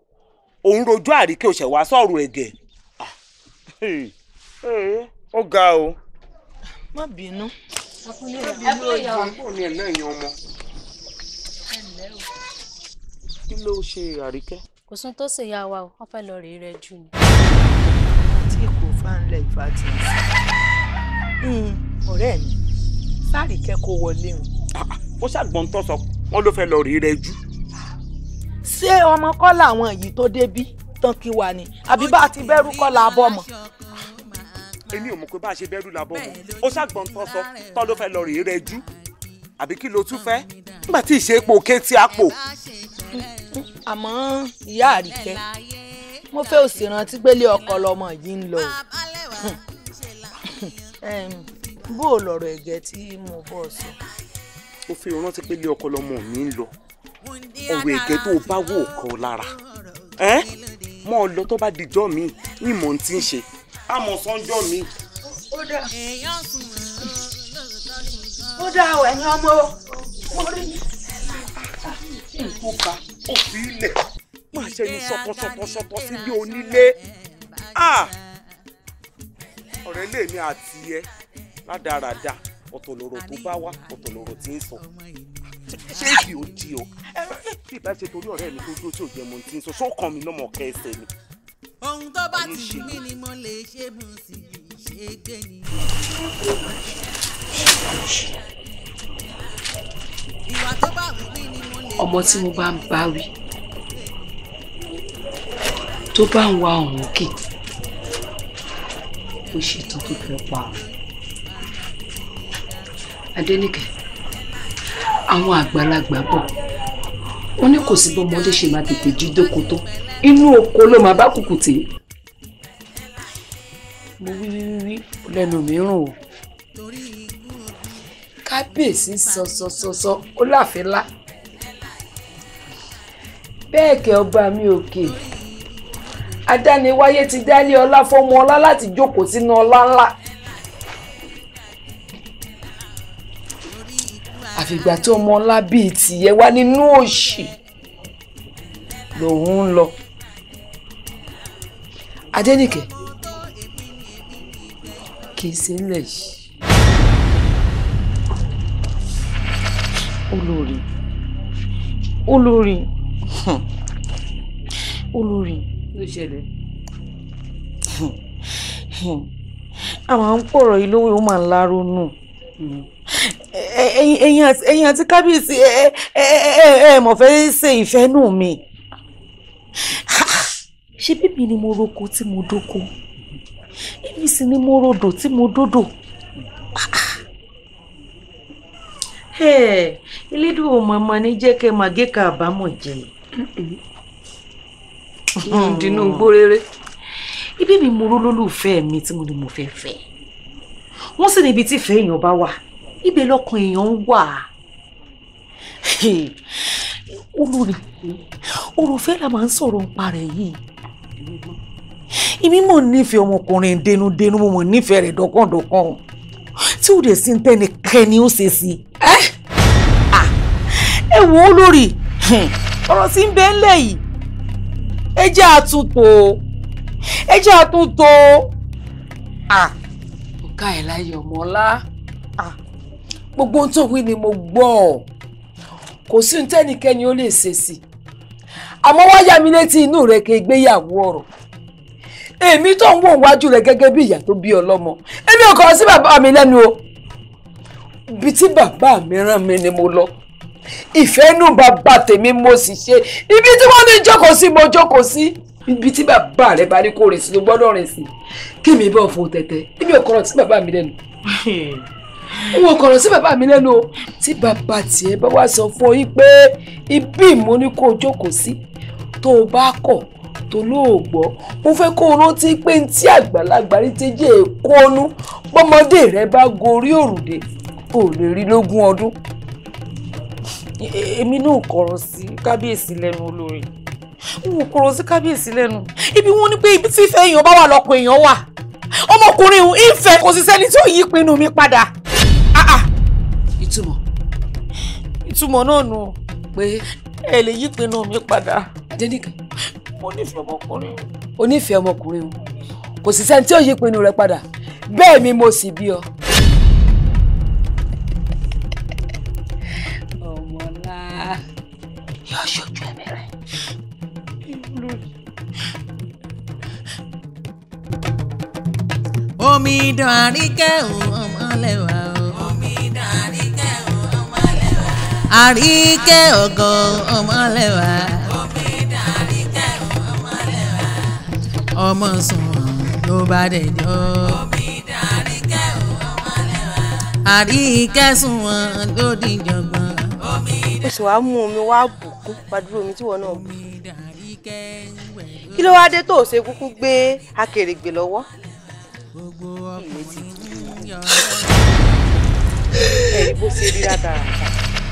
òun rojú àríkè òṣè wá sọ̀rọ̀ ẹ̀gẹ̀. Ah, ó ga o. má bínú. kí ló ṣe àríkẹ́. kò sún tó ṣèyá wa o wọ́n fẹ́ lọ rèé rẹ jù ni. tí kò fáńlẹ̀ ìfà ti ń sọ. Hmm, ọ̀rẹ́ mi sáàríkẹ́ kó wọlé o. ó ah, ah, ṣàgbọ́n tó sọ wọn ló fẹ́ lọ rèé rẹ jù ṣé ọmọ kọ́ làwọn yìí tó débí tán kí wa ni àbí bá a ti bẹ́rù kọ́ la bọ́ mọ́. èmi ò mọ̀ pé bá a ṣe bẹ́rù la bọ́ mọ́ ó ṣàgbọ́n tó sọ tó ló fẹ́ lọ rèé rẹ jú àbí kí ló tún fẹ́ nígbà tí ìṣepò kétí àpò. àmọ́ ìyá àríkẹ́ mo fẹ́ òsì rántí gbélé ọkọ lọmọ yìí ń lọ bó o lọ̀rọ̀ ẹ̀gẹ́ tí mo bọ̀ sọ. ó fi rántí pé ilé ọkọ lọmọ mi ń lọ ọ̀rọ̀ èké tó bá wò kọ́ lára mọ́ ọ lọ tó bá dijọ́ mi ní mò ń ti ń ṣe àmọ́ sọ́njọ́ mi. ó dá ọ ẹ̀yin ọmọ mo rí i. ìkóka ó fi ilẹ̀ máa ṣẹ́yìn ṣọpọṣọpọṣọpọ sílé onílé ọ̀rẹ́ lèmi àti ẹ rádaràda ọ̀tọ̀ lọ̀rọ̀ tó bá wá ọ̀tọ̀ lọ̀rọ̀ tí ń sọ ṣé èdè ò di ọ kí ìbá ṣe torí ọ̀rẹ́ mi tó dúró tí ò jẹ́ mo ti ń sọ sọ́kàn mi lọ́mọ ọ̀kẹ́ ẹsẹ̀ mi. ohun tó bá ti mí ni mo lè ṣe mo sì ṣe gbé ni. ìwà tó bá wù mí ni mo lè. ọmọ tí mo bá ń bá wí tó bá ń wa ọ̀hún kì ó ṣètò tó fẹ́ pa ọ̀hún. Adénìkẹ́ àwọn àgbàlagbà bọ̀ ó ní kò sí bọ́mọdé ṣe máa tètè jí dóko tó inú oko ló máa bá kùkù tè. mo wí wí lẹ́nu mìíràn o kábíyèsí sọsọsọsọ ó láfẹ́ lá bẹ́ẹ̀ kẹ́ ọba mi òkè adániwáyé ti dálé ọlá fọmọ ọlá láti jókòó sínú ọlá ńlá. àfìgbà tí ọmọ ńlá bíi tìyẹ wá nínú òṣì lòun ń lọ Adénìkẹ́ kì í ṣe ńlẹ̀ yìí olórí olórí olórí ló ṣẹlẹ̀ a máa pọ̀rọ̀ yìí lówó ó máa ń láronú. mm ẹ̀yin àti kábíyèsí ẹ ẹ mọ̀ fẹ́ ṣe ìfẹ́ nù mi. ṣé bíbí ni mo roko tí mo dóko èmi sì ni mo rodò tí mo dódò. elédùn ọmọ ọmọ ní jẹ́ kẹ́ máa gé ka àbámọ̀ jẹ. dínú gbóréré. ibi mi mo ró lólùfẹ́ mi tí mo ní mo fẹ́ fẹ́ wọ́n sì níbi tí ìfẹ́ èèyàn bá wà ibẹ̀ lọ́kàn èèyàn wà olórí olùfẹ́ la máa ń sọ̀rọ̀ ń parẹ́ yìí èmi mọ̀ nífẹ̀ẹ́ ọmọkùnrin dénúdénú mo mọ̀ nífẹ̀ẹ́ rẹ̀ dọ́kàndọ́kàn tí ò dẹ̀ sí ń tẹ́ni kẹ́ni ó ṣe sí ẹ wò ó lórí ọ̀rọ̀ sí ń bẹ́ ńlẹ̀ yìí ẹ jẹ́ àtúntò ẹ jẹ́ àtúntò. ọ̀gá ẹ̀ láyọ̀ mọ́lá gbogbo ohun tó wí ni mo gbọ́ kò sí ní tẹ́nikẹ́ni ó lè ṣe sí àmọ́ wá yá mi létí inú rẹ kí gbéyàwó ọ̀rọ̀ èmi tó ń wò wájú rẹ gẹ́gẹ́ bí ìyá tó bí ọlọ́mọ èmi ò kọ̀ sí bàbá mi lẹ́nu o bí tí bàbá mi rán mi ni mo lọ ìfẹ́ inú bàbá tèmi mo sì ṣe ibi tí wọ́n ní jókòó sí mo jókòó sí ibi tí bàbá rẹ bá ní kó rìn sí ló gbọ́dọ̀ rìn sí kí mi bọ̀ fún tẹ̀tẹ̀ èmi ò kọ̀ sí bàbá mi lẹ́nu. [laughs] n ò kọ̀rọ̀ sí bàbá mi lẹ́nu o tí bàbá tiẹ̀ bá wá sọ fún yín pé ibi ìmọ̀ ni kò jókòó sí tó o bá kọ̀ tó lóògbọ́ mo fẹ́ kó o rántí pé n tí àgbàlagbà rí ti jẹ́ èkó ọnú bọ́mọdé rẹ bá gorí òrùlé ò lè rí lógún ọdún. èmi náà kọ̀rọ̀ sí kábíyèsí lẹ́nu olórí n ò kọ̀rọ̀ sí kábíyèsí lẹ́nu ibi wọn ni pé ibi tí ìfẹ́ èèyàn bá wà lọ́kọ̀ èèyàn wà ọmọkùnrin ìfẹ́ kò sì sẹ́ni tí ò yí pinnu mi padà. Ah, ah. ìtumọ̀ ìtumọ̀ náà nù pé ẹ lè yí pinnu mi padà. Adénìkan mo nífẹ̀ẹ́ ọmọkùnrin o. o nífẹ̀ẹ́ ọmọkùnrin o kò sì sẹ́ni tí ò yí pinnu rẹ padà bẹ́ẹ̀ ni mo sì bí ọ. ọmọlá yóò ṣojú ẹ̀mí rẹ. omidan àríkẹ́ ọmọlẹ́wà. àríkẹ́ ògo ọmọlẹ́wà. òfin àríkẹ́ ọmọlẹ́wà. ọmọ sùnwọ̀n ló bá dẹjọ́. òfin àríkẹ́ ọmọlẹ́wà. àríkẹ́ sùnwọ̀n ló dìjọ̀gbọ́n. ó sì wá mú omi wá bùkún pàdúrà omi tí wọn náà bù. kí ló wá dé tó o ṣe kúkú gbé akèrègbè lọ́wọ́. gbogbo ọkùnrin yọ̀ọ́. ẹ̀rí bó ṣe rí ládàá.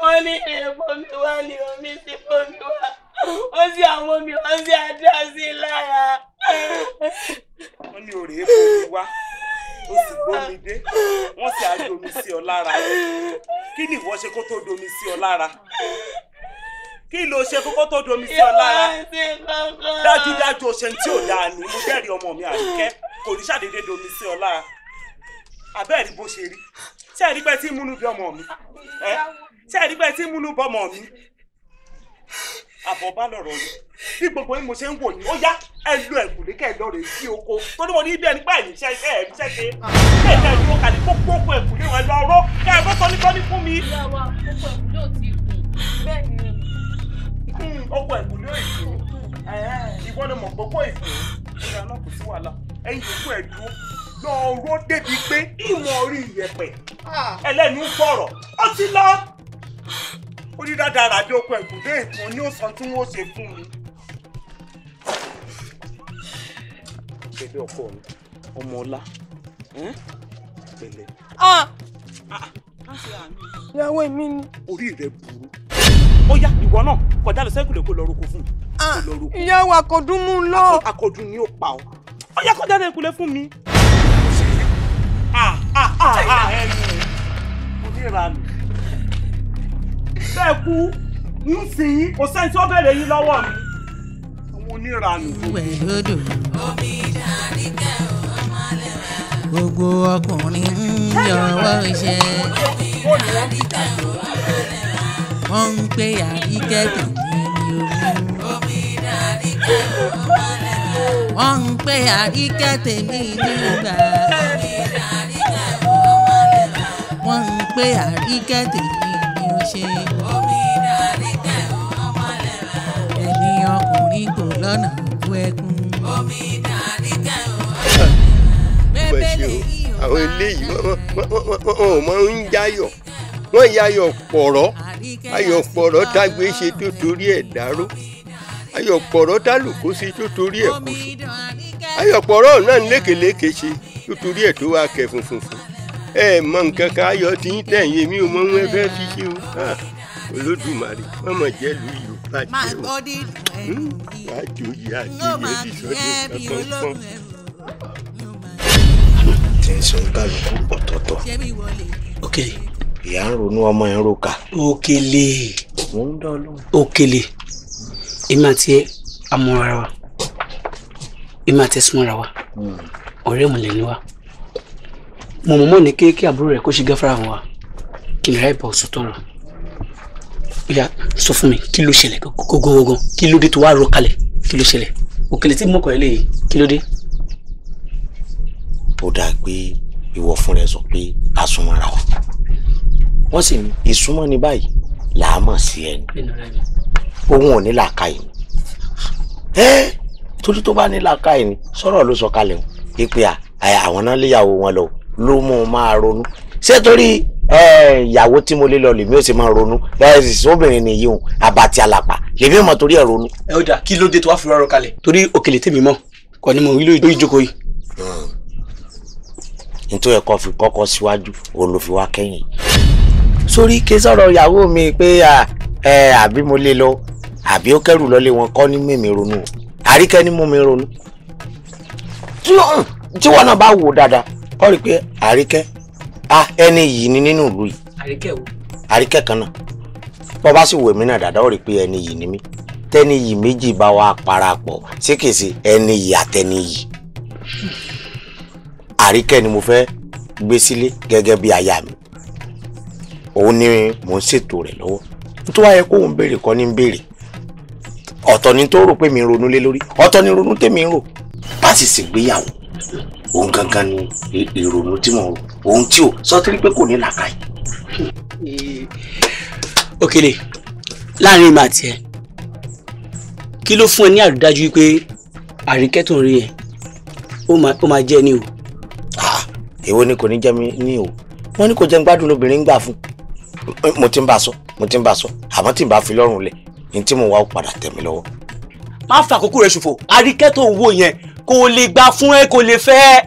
wọ́n ní ẹ̀bọ̀n mi wá ní omi sí fómi wá wọ́n sì àwọn omi wọ́n sì adá sí lára. wọ́n ní òrè èbó wá ó sì gbómi dé wọ́n sì á domi sí ọ lára kí ni ìwọ ṣe kó tó domi sí ọ lára kí ló ṣe kókó tó domi sí ọ lára dájúdájú o tí ò dáa ni mo bẹ́ẹ̀ ọmọ mi àríkẹ́ kò ní ṣàdédé domi sí ọ lára abẹ́ẹ̀ bó ṣe rí ṣé ẹ̀rí pé tí ń múnú bí ọmọ mi ẹ ṣé ẹ̀rí pé tí ń múnú bọ́ mi àbọ̀ bá lọ̀rọ̀ yìí bí gbogbo yín mo ṣe ń wò yín ó yá ẹ lu ẹ̀kúlé kẹ́ ẹ lọ sí oko torí mo ní bí ẹni pé ẹ̀yìn iṣẹ́ iṣẹ́ ẹ̀mí iṣẹ́ ṣe ẹ̀ ẹ̀ dúró kàlí kókó kó ẹ̀kúlé wọn lọ rọ́ kẹ́ ẹ kó tọ́ni tọ́ni fún mi. ìyàwó àkókò ẹ̀kúlé ò tí ì kù bẹ́ẹ̀ ni. ọkọ̀ ẹ̀kúlé ò ì kù ìwọ ni mọ̀ gbogbo ìkù ìyàwó náà kò sí wàhálà ẹ̀yìn ìkú ẹ̀ dúró lọ ró débi pé ìmọ̀ orí ìyẹ̀pẹ̀ ah. ẹlẹ́nu fọ̀rọ̀ ó ti lọ. ó ní oko ẹ̀gúndé ìkan ní òsàn tí wọ́n ṣe fún mi. pẹ̀lẹ́ ọkọ mi ọmọ ọlá pẹ̀lẹ́. Ah. Ah. ìyàwó mi ni. orí rẹ burú ó yá ìwọ náà kọjá lọ sẹ́kùlé kó lọ roko fún mi. ìyàwó akọdún mú un lọ. akọdún ni ó pa ọ ó yá kọjá lọ ẹkùlé fún mi ẹnu mo ní ìranù bẹ́ẹ̀ kú ń sìn yín kò sẹ́ni tí ó bẹ̀rẹ̀ yín lọ́wọ́ mi àwọn oníranù. wẹ̀lódò omi dàrí kẹ́ ọmọ lẹ́wà. gbogbo ọkùnrin ń yọwọ́ iṣẹ́ omi dàrí kẹ́ ọmọ lẹ́wà. wọ́n ń pè àríkẹ́ kìíní ní omi. omi dàrí kẹ́ ọmọ lẹ́wà. wọ́n ń pè àríkẹ́ tèmi ní ìgbà wọ́n ń pè àríkẹ́ tèmi ni ó ṣe. omi ìdáríkẹ́ ọmọ lẹ́ra. ẹni ọkùnrin kò lọ́nà òkú ẹkún. omi ìdáríkẹ́ ọmọ lẹ́ra. bẹ́ẹ̀ ni àwọn eléyìí wọ́n ò mọ ń yáyọ̀ wọ́n yáyọ̀ pọ̀rọ̀ ayọ̀ pọ̀rọ̀ tágbé ṣe tó torí ẹ̀ dáró ayọ̀ pọ̀rọ̀ tálùkù sí tó torí ẹ̀ kùsù ayọ̀ pọ̀rọ̀ náà lékeleke ṣe tó torí ẹ̀ tó wá kẹ̀ funfun ẹ mọ nǹkan kan ayọ̀ tí ń tẹ̀yìn mi ò mọ wọn fẹ́ fi ṣe o olódùmarè wọn mọ jẹ́ lu ìlú bàjẹ́ o bàjẹ́ hmm, òye àti ìrẹsì sọ́dún kankan tí ń sọ kálukú ọ̀tọ̀ọ̀tọ̀ ìyá ń ronú ọmọ ẹ̀ ń roka. Òkèlè Òkèlè èmi àti amúra wa èmi àti súnmọ́ra wa hmm. ọ̀rẹ́ mọ̀lẹ́ ni wa mo mọ̀ mọ́ ní kéèké àbúrò rẹ̀ kó ṣe gáfárà wọn wa kí n ráì bọ̀ ọ̀sùn tọrọ ìyá sọ fún mi kí ló ṣẹlẹ̀ gógógógó kí ló dé tó wá rọ kalẹ̀ kí ló ṣẹlẹ̀ òkèlè tí mo kọ̀ kí ló dé. ó dáa pé ìwọ fún rẹ sọ pé a súnmọ́ ara wa wọ́n sì ní ìsúnmọ́ ní báyìí làá mọ̀ sí ẹni òun ò ní làákàyè ẹ torí tó bá ní làákàyè ni sọ̀rọ̀ ló sọ kalẹ̀ o pé pé àwọn náà léyàwó wọn lọ o ló mú un máa ronú ṣé torí eh, ìyàwó tí mo lè lọ lèmi ò sì máa ronú obìnrin nìyí o àbàtì àlàpà lèmi ò mọ torí ẹ ronú. ẹ ó dà kí ló dé tó wá fi rọrùn kalẹ̀. torí òkèlè tèmi mọ kò ní mo rí lórí ìjókòó yìí. Hmm. nítorí ẹ̀kọ́ fi kọ́kọ́ síwájú òun ló fi wá kẹ́yìn. sórí ké sọ̀rọ̀ ìyàwó mi pé àbí mo lè lọ àbí ó kẹ́rù lọ́lé wọn kọ́ ní mímí ronú àríkẹ́ ní mú mi ronú. tí wọn náà bá wò dáadáa ọ rí pé àríkẹ́ a ẹni yìí ni nínú ìlú yìí àríkẹ́ wo àríkẹ́ kan náà bọ́ bá sì wò náà dáadáa ó rí pé ẹni yìí ni mí tẹ́ni yìí méjì bá wà parapọ̀ sí ẹni yìí àtẹni àríkẹ́ ni mo fẹ́ gbé sílé gẹ́gẹ́ bí aya mi ni mò ń ṣètò rẹ̀ lọ́wọ́ tó ni tó rò mi ronú lé lórí ọ̀tọ̀ ni òun gangan ni ìrònú tí mo òun tí ò sọtiri pé kò ní làákàyè. Òkèlè láàrin ìmọ̀ àti ẹ kí ló fún ẹ ní àrídájú wípé àríkẹ́ tó ń rí ẹ ó máa jẹ́ ni o. Ah, èwo ni kò ní jẹ́ mi ní o wọ́n ní kò jẹ́ ń gbádùn lóbìnrin ń gbà fún mo ti ń bá a sọ mo ti ń bá a sọ àmọ́ tí n bá fi lọ́rùn lẹ̀ ní tí mo wá padà tẹ̀ mí lọ́wọ́ má fa àkókò rẹ ṣòfò àríkẹ́ tó ń wò yẹn kò lè gbà fún ẹ kò lè fẹ́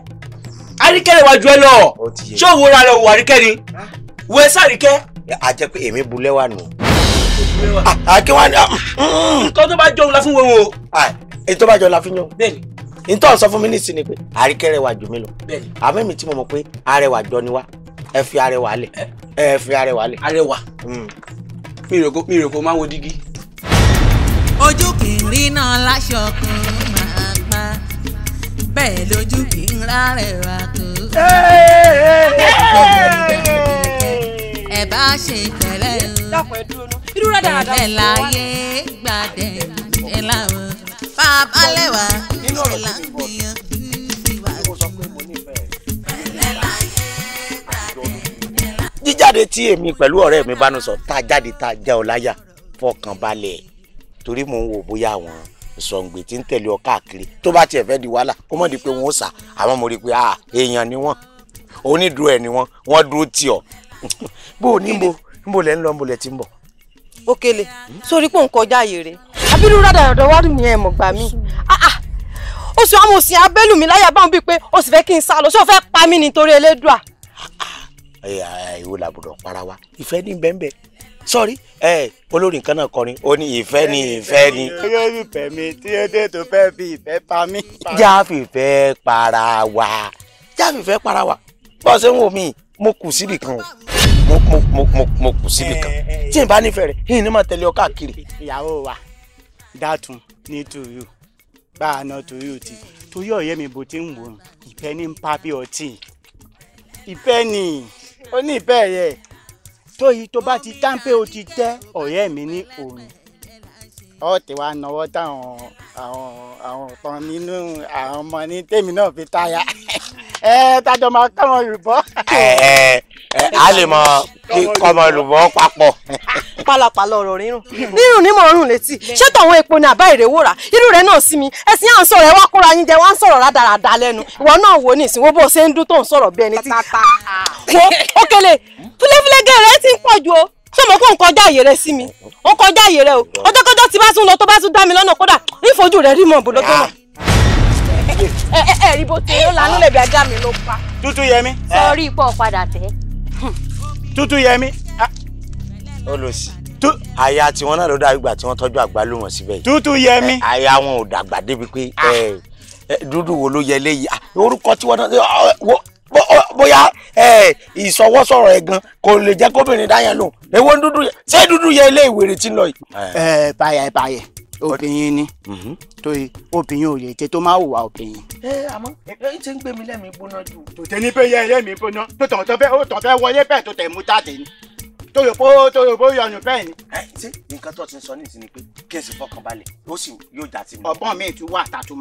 àríkẹ́ lè wájú ẹ lọ ṣé òwò ra lọ wò àríkẹ́ ni wò ẹ sàríkẹ́. a jẹ pé èmi bu lẹ́wà nù. àkínwá ah, ah, ni. Ah, mm. nǹkan tó bá jọ òun la fi ń wo wo. èyí tó bá jọ la fi ń yàn. bẹ́ẹ̀ni ntọ́ sọ fún mi ní ìsinmi pé àríkẹ́ rẹwà jù mí lọ àmọ́ mi tí mo mọ̀ pé arẹwà jọ ni wá ẹ fi arẹwà lẹ̀ ẹ fi arẹwà lẹ̀. arẹwà mm. mi ìròkò máa ń wo dígí. ojú kìí iná láṣọ kan máa pa bẹ́ẹ̀ lójú kì í rárẹ̀wá tó. ẹ bá ṣe pẹ̀lẹ́ o pẹ̀lẹ́ láyé gbàdẹ̀ ẹ láwọn bàbá lẹ́wà ṣe là ń gbìyànjú. jíjáde tí èmi pẹ̀lú ọ̀rẹ́ mi bá nu sọ tá a jáde tá a já ọ láyà fọkàn torí mò ń wò bóyá àwọn sọ̀ǹgbè tí ń tẹ̀lé ọ káàkiri tó bá tiẹ̀ fẹ́ di wàhálà kó mọ̀ di pé wọ́n sà àmọ́ mo rí i pé ah, èèyàn ni wọ́n onídùú ẹ̀ ni wọ́n wọ́n dúró tì ọ́ [laughs] bó o níbo níbo lẹ́ ń lọ níbo lẹ́ ti ń bọ̀. Okele sórí pò ń kọjá ààyè rẹ abirú rádà ọ̀dọ̀ wá mi ẹ̀ mọ̀ gbà mí ah, ah. ó sì wọ́n mo sì abẹ́lù mi láyà báwọn bíi pé ó sì fẹ́ kí n sá lọ sí ò fẹ́ pa mí nítorí Elédùà. ìwọ làbùdọ̀ para wa ìfẹ́ ní bẹ́ẹ̀ sọ́rí ẹ olórin kan náà kọrin ó ní ìfẹ́ ni ìfẹ́ ni. olólùfẹ́ mi tí ó dé tó fẹ́ fi ìfẹ́ pa mí. já fìfẹ́ para wa já fìfẹ́ para wa bọ́ ṣe ń wò mí mo kù síbì kan o mo mo mo mo kù síbì kan eh, eh, eh. tí n bá nífẹ̀ẹ́ rẹ̀ yìí ni mà tẹ̀lé ọ káàkiri. ìyàwó wa dátun ní tòyò bá a ná tòyò tí torí ọ̀rẹ́ mi bó ti ń wò ìfẹ́ ní ń ọtí ìfẹ́ ni ó ní ìfẹ́ yẹ tó yìí tó bá ti táǹpé o ti tẹ́ ọ̀rẹ́ mi ní òòrùn ọ ti wá náwó táwọn àwọn àwọn kan nínú àwọn ọmọ ní tèmi náà fi táyà [laughs] ẹ tájọ máa káwọn olùbọ. a lè mọ kí kọmọ olùbọ papọ̀. [laughs] pálapàla ọ̀rọ̀ rírùn rírùn ni mò ń rùn létí ṣé tọ̀hún epo ni àbá ìrèwò rà irú rẹ̀ náà sí mi ẹ̀sìn à ń sọ̀rọ̀ ẹ̀ wá kóra yín jẹ́ wá ń sọ̀rọ̀ rádaràda lẹ́nu ìwọ náà wò ní ìsìnwó bó ṣe ń dún tó ń sọ̀rọ̀ bí ẹni tí. wo ó kélé fúlẹ́fúlẹ́gẹ́ rẹ ti ń pọ̀ jù o ṣé mo kó nǹkan ọjà àyè rẹ sí mi ó kọjá àyè rẹ o ọjọ́kọ́jọ́ tí bá tún lọ tó bá tún dá mi lọ́nà kódà nífojú rẹ rí mọ̀ bó lọ́tọ́ náà. ẹ ẹ ẹ rí bó ti ń lanú lẹ̀bi ajá mi ló pa. tútù yẹmi. sọrí ipò padà tẹ. tútù yẹmi. Ah. olùsí àyà tiwọn náà ló dá ìgbà tí wọ́n tọ́jú àgbálùmọ̀ síbẹ̀ yìí. tútù yẹmi. àyà eh, wọn ò dàgbà débi pé ah. eh, eh, dúdú wo ló yẹ léyìí ah, orúkọ tí wọ́n náà bóyá ìsọwọ́sọ̀rọ̀ ẹ̀ gan kò lè jẹ́ kóbìnrin dáyẹn lò èwo dúdú yẹ ṣé dúdú yẹ ilé ìwé rẹ̀ ti lọ yìí. ẹ báyẹ̀ báyẹ̀ obìnrin ni mm-hmm. torí obìnrin ò lè jẹ tó máa hùwà obìnrin. ẹ àmọ́ èyí ti ń gbé mi lẹ́mìí gbóná jù. tòtẹ́ ní bẹ́ẹ̀ yẹ ẹlẹ́mìí gbóná tó tàn tán fẹ́ ó tàn fẹ́ wọlé bẹ́ẹ̀ tó tẹ̀ mú jáde ni tó yọ pé bẹ́ẹ̀ ni. ẹ ṣe nǹkan tó ti sọ ní ìsinmi pé kí ẹ sì fọkàn balẹ̀ ó sì yóò jà sí mi. ọ̀bọ̀n mi tún wà tá a tún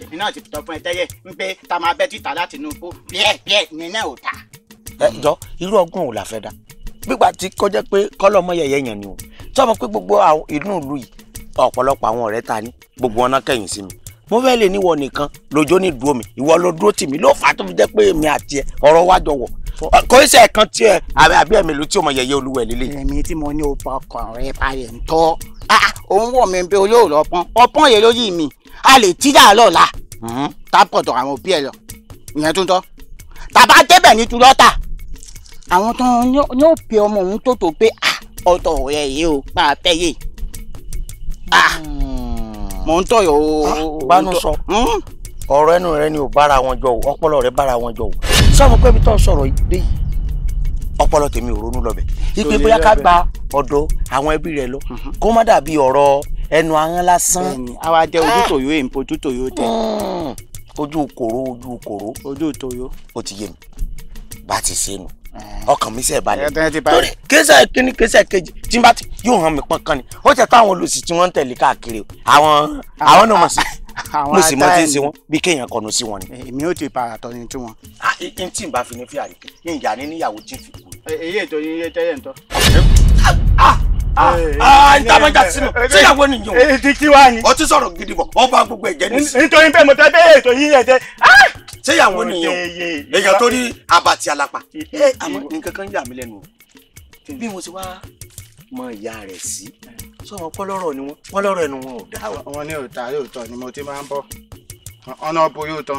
èmi náà ti tọ́ fún ẹ tẹ́yẹ ń pé ta máa bẹ́ títà láti inú igbó bíẹ́ bíẹ́ ni náà ò ta. ẹ jọ irú ọgbọ́n ò la fẹ́ dá gbígbà tí kọjá pé kọ́lọ́mọ yẹ̀yẹ́ yẹn ni o tí wọ́n mọ̀ pé gbogbo inú ìlú yìí ọ̀pọ̀lọpọ̀ àwọn ọ̀rẹ́ ta ni gbogbo wọn náà kẹ́yìn sí mi mo fẹ́ lè níwọ nìkan lọ́jọ́ ní dúró mi ìwọ ló dúró tì mí ló fà á tó fi jẹ́ pé èmi àti ẹ ọ̀rọ̀ wá jọ wọ̀ kò í ṣe ẹ̀kan tí ẹ àbí ẹ̀mí ló tí o mọ yẹ̀yẹ́ olúwẹ̀ líle. èmi tí mo ní o pa ọkàn rẹ balẹ̀ ń tọ́ ah, ah, òun wọ̀ mi bí olóòrò ọpọ́n ọpọ́n yẹn ló yí mi a lè tíjà lọ́la hmm, tá àwọn òbí ẹ lọ ìyẹn tó ń tọ́ tàbá débẹ̀ ní tulọ́tà àwọn tó ní ó pe ọmọ òun tó tó pé ah, ọ̀tọ̀ rẹ̀ yìí o máa tẹ́ yé ah, mò ń tọ̀ yọ̀ o. Ah, bánú sọ hmm? ọ̀rọ̀ ẹnu rẹ ni ò bára wọn jọ o ọpọlọ rẹ bára wọn jọ o sọ́mu pé mi tó sọ̀rọ̀ dé yìí ọpọlọ tèmi ò ronú lọ́bẹ̀ ipe bóyá ká gba ọ̀dọ̀ àwọn ẹbí rẹ lọ mhm. kó má dàbí ọ̀rọ̀ ẹnu ahọ́n lásán. àwa jẹ ojú tòyó èmi ojú tòyó tẹ. Hmm. ojú kòró ojú kòró. ojú tòyó. o ti yé mi bá ti ṣe nu ọkàn mi ṣe balẹ̀ torí kéṣà kíní kéṣà kejì tí n bá ti yóò hàn mí pọ́nkán ni ó ṣe táwọn olùsí tí wọ́n ń tẹ̀lé káàkiri àwọn àwọn náà mọ̀ sí mo sì mọ tí ń ṣe wọn bí kéèyàn kọnu sí wọn ni. èmi ò ti paratọ ni tí wọn. n tí n bá fi ní fi àyíké n ìyá ní níyàwó tí n fi kú. èyí ètò yín yé tẹ́lẹ̀ ń tọ́ ìtàmọ́jà sí mi síyàwó nìyẹn o. èdè tí wàá ni. ọtí sọ̀rọ̀ gidi bọ̀ ọba gbogbo ẹ̀jẹ̀ ní sí. nítorí bẹ́ẹ̀ mo tẹ́ bẹ́ẹ̀ ètò yín ẹ̀jẹ̀. síyàwó ah! nìyẹn o èèyàn tó rí abàtì alapa. Eh, àmọ́ nǹkan kan yà mí lẹ́nu o bí mo ti wá mọ ìyá rẹ̀ sí sọ̀rọ̀ pọ́lọ́rọ̀ ni wọ́n pọ́lọ́rọ̀ ẹnu wọn ò dá. wọn ní òòtà yóòtọ ni mo ti máa ń bọ̀ ọ̀nà ọ̀bù yóòtọ.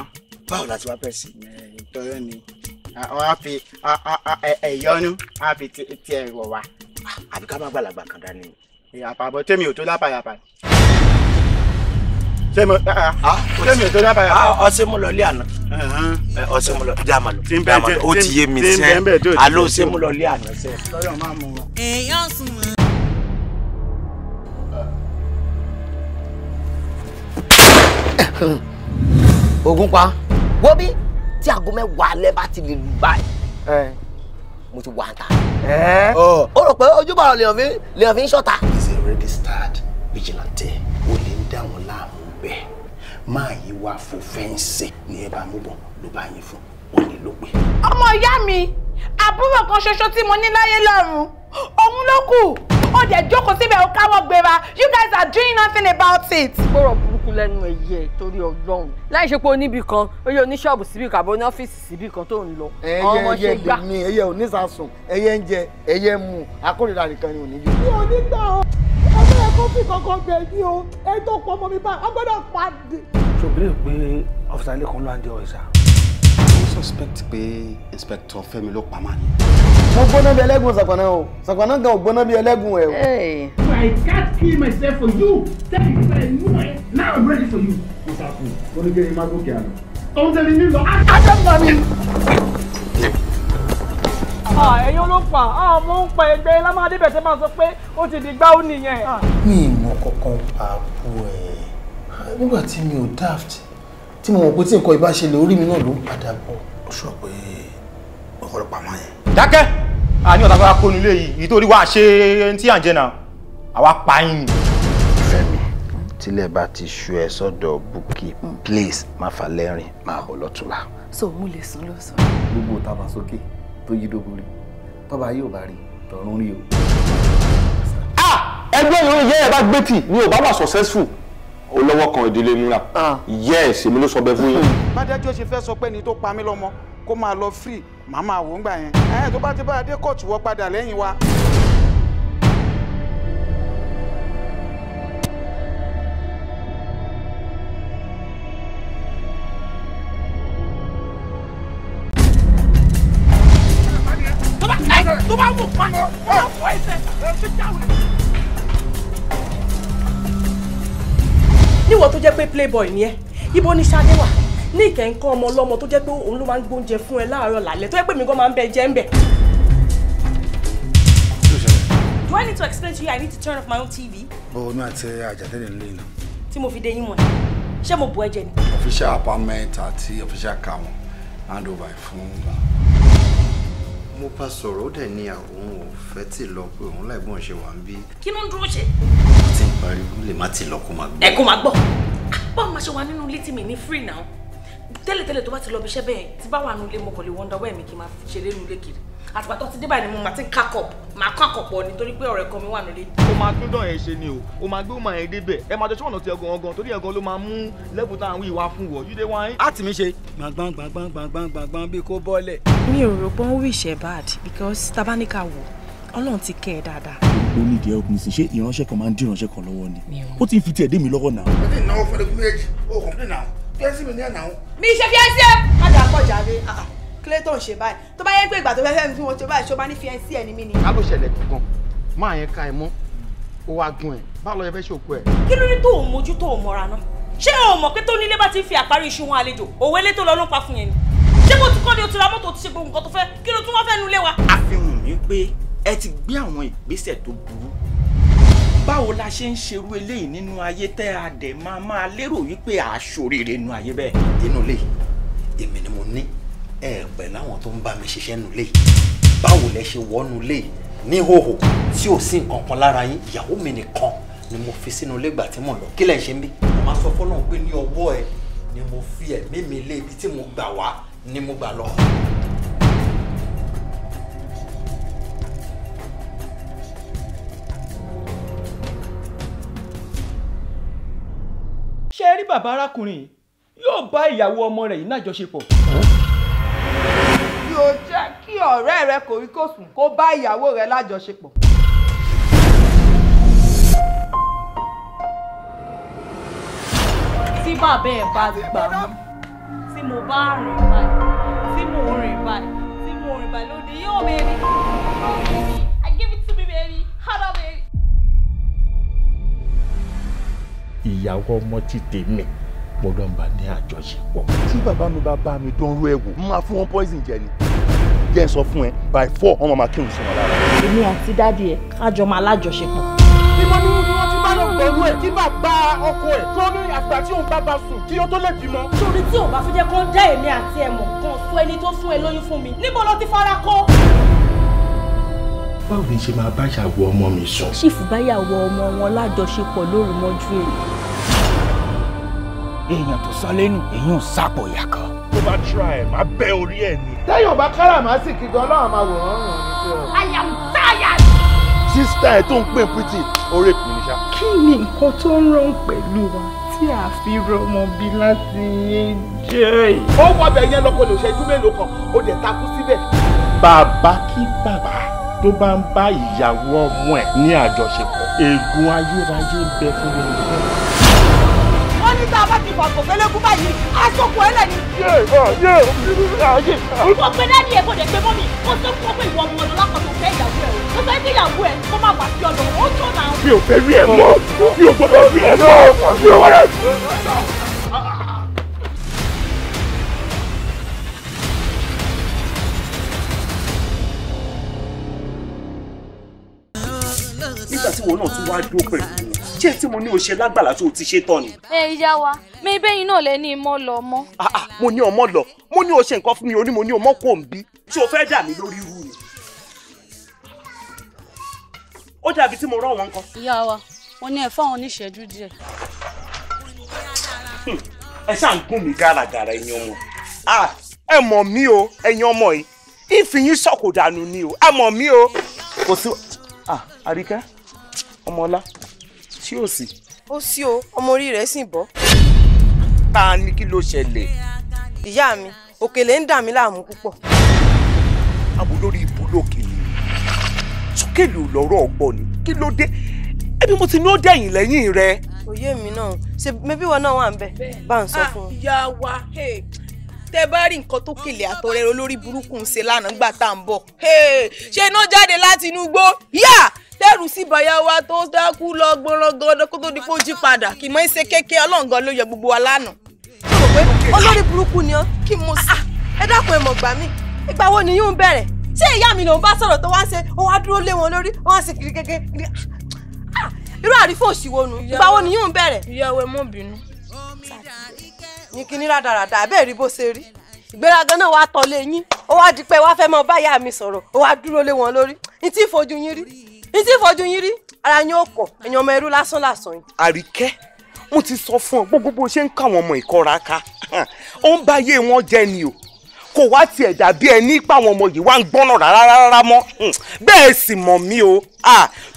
báwo la ti wá fẹ́ sí i. Eh, tọ́yọ́ ni wọ́n á fi ẹ̀yọ́nú á fi tiẹ̀ wọ̀ wá àbí ká má gbàlagbà kan dání. ìyàpá bọ tèmi ò tó lápá yàpá ah, ah, ah, tèmi ò tó lápá yàpá. ọsẹ mú lọ ilé àná eh, ọsẹ mú lọ ìjà màlúù ìjà màlúù ó ti yé mi sẹ àlọ ọsẹ mú lọ ilé àná sẹ. èèyàn sùn mọ́. ogun pa wo bí tí aago mẹ́wàá alẹ́ bá ti lè lù báyìí mo ti wà á ta. ó rò oh. pé ojúbọ lèèyàn fi lèèyàn fi ń ṣọ́ta. he is a registered vigilante ó lè ń dá wọn láàmú bẹ́ẹ̀ máa yí wá fò fẹ́ǹsì ní ẹ bá mú bọ̀ ló bá yín fún ó lè ló pé. ọmọ ìyá mi àbúrò kan ṣoṣo tí mo ní láyé lọ́run òun ló kù ó dẹ̀ jókòó síbẹ̀ ó káwọ́ gbéra you guys are doing nothing about it kú lẹ́nu ẹ̀yẹ ẹ̀ torí ọlọ́run láì ṣe pé oníbi kan ó oníṣọ́ọ̀bù síbì kan àbí ọ́fíìsì síbì kan tó ń lọ. ẹyẹ ẹyẹ lè ẹyẹ ò ẹyẹ ń ẹyẹ mu akórira nìkan ni ò ní mi ò ní gbà ọ ọgbẹ́ ẹ̀kọ́ fi kankan gbẹ̀ mí o ẹ tó pọ̀ mọ́ mi báyìí ọgbọ́dọ̀ pàdé. ṣòbí rẹ̀ pé ọ̀fíìsà lẹ́kọ̀ọ́ ló ń jẹ ọ̀ṣà suspect pé inspector Fẹ́mi ló pa máa ní. mo gbóná bí ẹlẹ́gùn ṣàpàná o ṣàpàná gan ò gbóná bí ẹlẹ́gùn ẹ̀ o. I can't kill myself for you that is why I know now I'm ready for you. mo ta kù ó ní kí ẹni máa gòkè àná. òun tẹ̀lé ah! mi lọ. ajẹ́gbà mi. ẹ̀yin ló pa ah, ọmọ ń pa ẹgbẹ́ lámàdé bẹ̀tẹ̀ máa sọ pé ó ti di gbáù nìyẹn. mi ì mọ kọ̀ọ̀kan pa àbú ẹ̀ nígbà tí mi ò daft tí mo mọ̀ pé tí nǹkan ìbá ṣẹlẹ̀ orí mi náà ló ń padà bọ̀. ó sọ pé ọ̀pọ̀lọpọ̀ àmọ́ yẹn. dákẹ́ àní ọ̀tá fẹ́ra kó nílé yìí nítorí wàá ṣe tí à ń jẹ náà àwa pa yín ni. Fẹ́mi tílẹ̀ bá ti ṣu ẹ sọ́dọ̀ bukki mm. please má fà lẹ́rìn máa bọ̀ lọ́túnla. so mo lè sùn lọ́sàn. gbogbo tàbá sókè tó yí dógórí tọ́ba yóò bá rí tọ̀run rí o. Ah! ẹgbẹ́ ìròyìn yẹ́ ẹ bá gbé tì ni ò olówó kan ìdílé nura ah. yes èmi ló sọ bẹ́ẹ̀ fún yín. bájájú ṣe fẹ́ sọ pé ni tó pa mí lọ́mọ kó máa lọ free màá máa wò ó gbà yẹn ẹ tó bá ti bá adé kóòtù wọ padà lẹ́yìn wa. tó bá wù pa tó bá wù ẹsẹ̀ ẹ̀ jáwèé. níwọ tó jẹ́ pé playboy ni ẹ ibo ni Ṣadé wà ní ìkẹ́ńkọ́ ọmọ ọlọ́mọ tó jẹ́ pé òun ló máa ń gbóúnjẹ fún ẹ láàárọ̀ lálẹ́ tó jẹ́ pé mi gan máa ń bẹ jẹ́ ń bẹ̀. Do I need to explain to you I need to turn off my own TV? bọ́ọ̀ ní àti àjàdẹ́rẹ̀ ńlẹ̀ náà. tí mo fi dé yín mọ̀ ẹ́ ṣé mo bù ẹ jẹ ni. official apartment àti official car wọn hand over fún bá sọ̀rọ̀ ó dẹ̀ ní àwọn ò fẹ́ tì lọ pé òun láìgbọ́n ṣe wà ń bí. kí ló ń dúró ṣe. ó ti ń pariwo lè má ti lọ kó máa gbọ́. ẹ kó máa gbọ́ ah, báwo máa ṣe wà nínú ilé tí mi ní free now tẹ́lẹ̀tẹ́lẹ̀ tó bá ti lọ bí iṣẹ́ bẹ́ẹ̀ tí bá wà nínú ilé mo kàn lè wọ́ndà wẹ́ẹ̀mí kí n máa ṣeré nínú kiri àtìgbà tó ti dé báyìí ni mo máa ti ń kákọ̀ máa kákọ̀ pọ̀ nítorí pé ọ̀rẹ́ kan mi wà nílé. o máa tún dán ẹ ṣe ni o o máa gbé ọmọ yẹn débẹ̀ ẹ máa jọ sọ̀nà ti ẹ̀gàn ọ̀gàn torí ẹ̀gàn ló máa mú lẹ́bùn tá à ń wí ìwà fún wọ̀ yíde wáyé. a ti mi ṣe gbàngbàngbàngbàngbàngbàngbàngbàn bí kò bọ́lẹ̀. mi ò rò pé ó wí ìṣẹ́ bad because tabanika wò ọlọ́run ti kẹ́ ẹ dáadáa. ó ní ìdí ẹ̀kún sí ṣé ìránṣẹ́ kan máa ń dín ìránṣẹ́ kan lọ́wọ́ ni ó ti ń fi tiẹ̀ dé mi lọ́wọ́ náà. ó ti náwó fẹ́rẹ́ kúrẹ́jì ó kọ̀ọ̀kan náà fíẹ́sì mi ní ẹ̀ náà. mi ṣe fíẹ́sì ẹ̀. má dàá pọ̀ jáde kílé tó ń ṣe báyìí tó bá yẹ pé ìgbà tó fẹ́ fẹ́ mi fún wọn tó báyìí ṣó máa ní fi ẹ sí ẹ ní mí ni. ká ló ṣẹlẹ̀ kankan máa yẹn ka ẹ mọ́ ó wá gun ẹ̀ báwo lọ yẹ fẹ́ ṣòkò ẹ̀. kí ló ní tó ò mójú tó ò mọ́ra náà ṣé o mọ̀ pé tó nílé bá ti fi àparí iṣu wọn àlejò òwe lé tó lọ ló ń pa fún yẹn ni ṣé mo ti kọ́ ni o ti ra mọ́tò ti ṣe gbogbo nǹkan tó fẹ́ kí ló tún wá fẹ́ nulẹ̀ wa. àfihàn mi pé ẹ ti gbé a dẹ̀ máa máa lérò wípé àṣoríire nínú ayé bẹ́ẹ̀ nínú ẹ pẹ̀ láwọn tó ń bá mi ṣiṣẹ́ nù lé báwo lẹ ṣe wọ́nu lé ní hòhò tí ò sí nǹkan kan lára yín ìyàwó mi nìkan ni mo fi sínú ilé ìgbà tí mò lọ kí lẹ ń bí. mo máa sọ fọlọ́run pé ní ọwọ́ ẹ ni mo fi ẹ̀mí mi lé ibi tí mo gbà wá ni mo gbà lọ. ṣé rí bàbá arákùnrin yóò bá ìyàwó ọmọ rẹ̀ yìí náà jọ ṣe pọ̀. Hm? o jẹ́ kí ọ̀rẹ́ rẹ kòríkòsùn kó bá ìyàwó rẹ lájọṣepọ̀. tí bàbá ẹ̀ bá gbà mí tí mo bá rìn báyìí tí mo rìn báyìí tí mo rìn báyìí lóde yóò bẹ̀rẹ̀ ìyàwó ọmọ ti tèmi gbọ́dọ̀ bá ní àjọṣepọ̀. tí bàbá mi bá bá mi dánrú ẹ wò máa fún wọn poison jẹ ni jẹ́ ń sọ fún ẹ by four wọn máa kírun sí wọn lára. èmi àti dáàdi ẹ kájọ máa lájọṣepọ̀. ìmọ̀ ni wọ́n ti bá lọ pẹ̀lú ẹ̀ kí bàbá ọkọ ẹ̀ tó ní àgbà tí òun bá bá sùn kí ó tó lè bímọ. torí tí òun bá fi jẹ́ kó dá èmi àti ẹ̀mọ̀ kan fún ẹni tó fún ẹ lóyún fún mi níbo ló ti fara kó báwo ni ṣe máa bá ìyàwó ọmọ mi sọ. ṣìfù bá yàwó ọmọ wọn lájọṣepọ̀ lóru mọ́jú èyí èèyàn tó sọ lẹ́nu èèyàn sápò ìyá kan. bá tíra ẹ̀ má bẹ́ orí ẹ̀ ni. tẹ́yìn ọba káràmásìkì gan ọlọ́run máa wòrán rùn ní pé I am tired. sísítà ẹ̀ tó ń pè pìtì orí èpè níṣà. kí ni nǹkan tó ń rán pẹ̀lú wa tí a fi rọmọ bí láti yé jẹ́. ó wọbẹ̀ yẹn lọ́kọ̀ lè ṣẹ́jú mélòó kan ó dẹ̀ takú síbẹ̀. bàbá kí bàbá tó bá ń bá ìyàwó ọmọ ẹ̀ ní àjọṣepọ̀ ègún ayérayé bẹ fún yorùbá ní tá a bá ti fàgbọ̀ fẹ́lẹ́kú báyìí aṣọ́kù ẹ̀lẹ̀ ni. mo pe dáàdi ẹ̀ kò dé pé mọ́mì ó tó kó pé ìwọ ọmọ ọdún lápapọ̀ fẹ́ ìyàwó ẹ̀ mo fẹ́ kí ìyàwó ẹ̀ kó má wàá sí ọ̀dọ̀ ó tó náà. mi ò fẹ́ rí ẹ mọ́ mi ò gbọ́dọ̀ rí ẹ mọ́ mi ò wọlé. nígbà tí wọn náà tún wá dúró pẹ̀lú wọn jẹ́ tí mo ní o ṣe lágbàlá tó o ti ṣe tán ni. ẹ ìyá wa mi bẹ́yìn náà lẹ ní mọ́ lọ mọ́. Ah, ah, mo ní ọmọ lọ mo ní o ṣe nǹkan fún mi o ní mo ní ọmọ kò ń bí tí o fẹ́ dà mí lórí irú ni. ó dàbí tí mo rán wọn kan. ìyá wa wọn ní ẹ fáwọn oníṣẹ́jú díẹ̀. Hmm, ẹ ṣáà ń gún mi gàràgàrà ẹ̀yin ọmọ ah, ẹ mọ̀ mí o ẹ̀yin ọmọ yìí ìfìyín sọ̀kò dànù ni o ẹ mọ̀ mí o kò sí. àríkẹ́ ọmọ ọlá ṣé ò sí. ó sí o ọmọ orí rẹ̀ sì bọ́. ta ni kí ló ṣẹlẹ̀. ìyá mi òkèlè ń dà mí láàmú púpọ̀. àwọn olórí ibú lòkè ni sókèlè ò lọ́rọ̀ ọgbọ́n ni kí ló dé ẹbí mo ti ní ó dẹ̀yìn lẹ́yìn rẹ. òye mi náà ṣe mẹbí wọn náà wà ń bẹ bá ń sọ ah, fún un. ìyá wa tẹ bá rí nǹkan tó kèlè àtọrẹ olórí burúkú ń ṣe lánàá gbà tá à ń bọ̀ ṣé iná jáde láti inú igbó yá dẹ́rù sí bàyá wa tó dákú lọ gbọ́nrọ́gọ́dọ́ kó tó di kó jí padà kì í mọ̀ ṣe kéèké ọlọ́ǹgàn ló yọ gbogbo wa lánàá. olórí burúkú ni ọ kí mo sì ah, ẹ dákun ẹ mọ̀ gbà mí ìgbà wo ni yóò bẹ̀rẹ̀ ṣé ìyá mi lòun bá sọ̀rọ̀ tó wá ń ṣe òun á dúró lé wọn lórí òun á ṣe kiri gẹ́gẹ́ ah, ah, irú àrífò òṣìwò ìgbà wo ni yóò bẹ̀rẹ̀. ìyàwó ẹ mọ̀ bínú. ní kíní rádaràdà bẹ́ẹ̀ rí bó ṣe rí ìgbéraga náà wàá tọ́lé yín ó wá di wàá fẹ́ mọ báyà mi sọ̀rọ̀ ó wá dúró lé wọn lórí ní tí ìfojú yín rí ìtì ìfọ̀jú yín rí ara yín ó kọ̀ ẹ̀yin ọmọ ẹrú lásán lásán yìí. àríkẹ́ mo ti sọ fún ọ gbogbo bó ṣe ń kọ àwọn ọmọ ìkọra ká ó ń báyé wọn jẹ ni o kò wá tiẹ̀ dàbí ẹni ipa àwọn ọmọ yìí wá ń gbọ́nà rárá rárá mọ́ hmm. bẹ́ẹ̀ sì mọ̀ mí o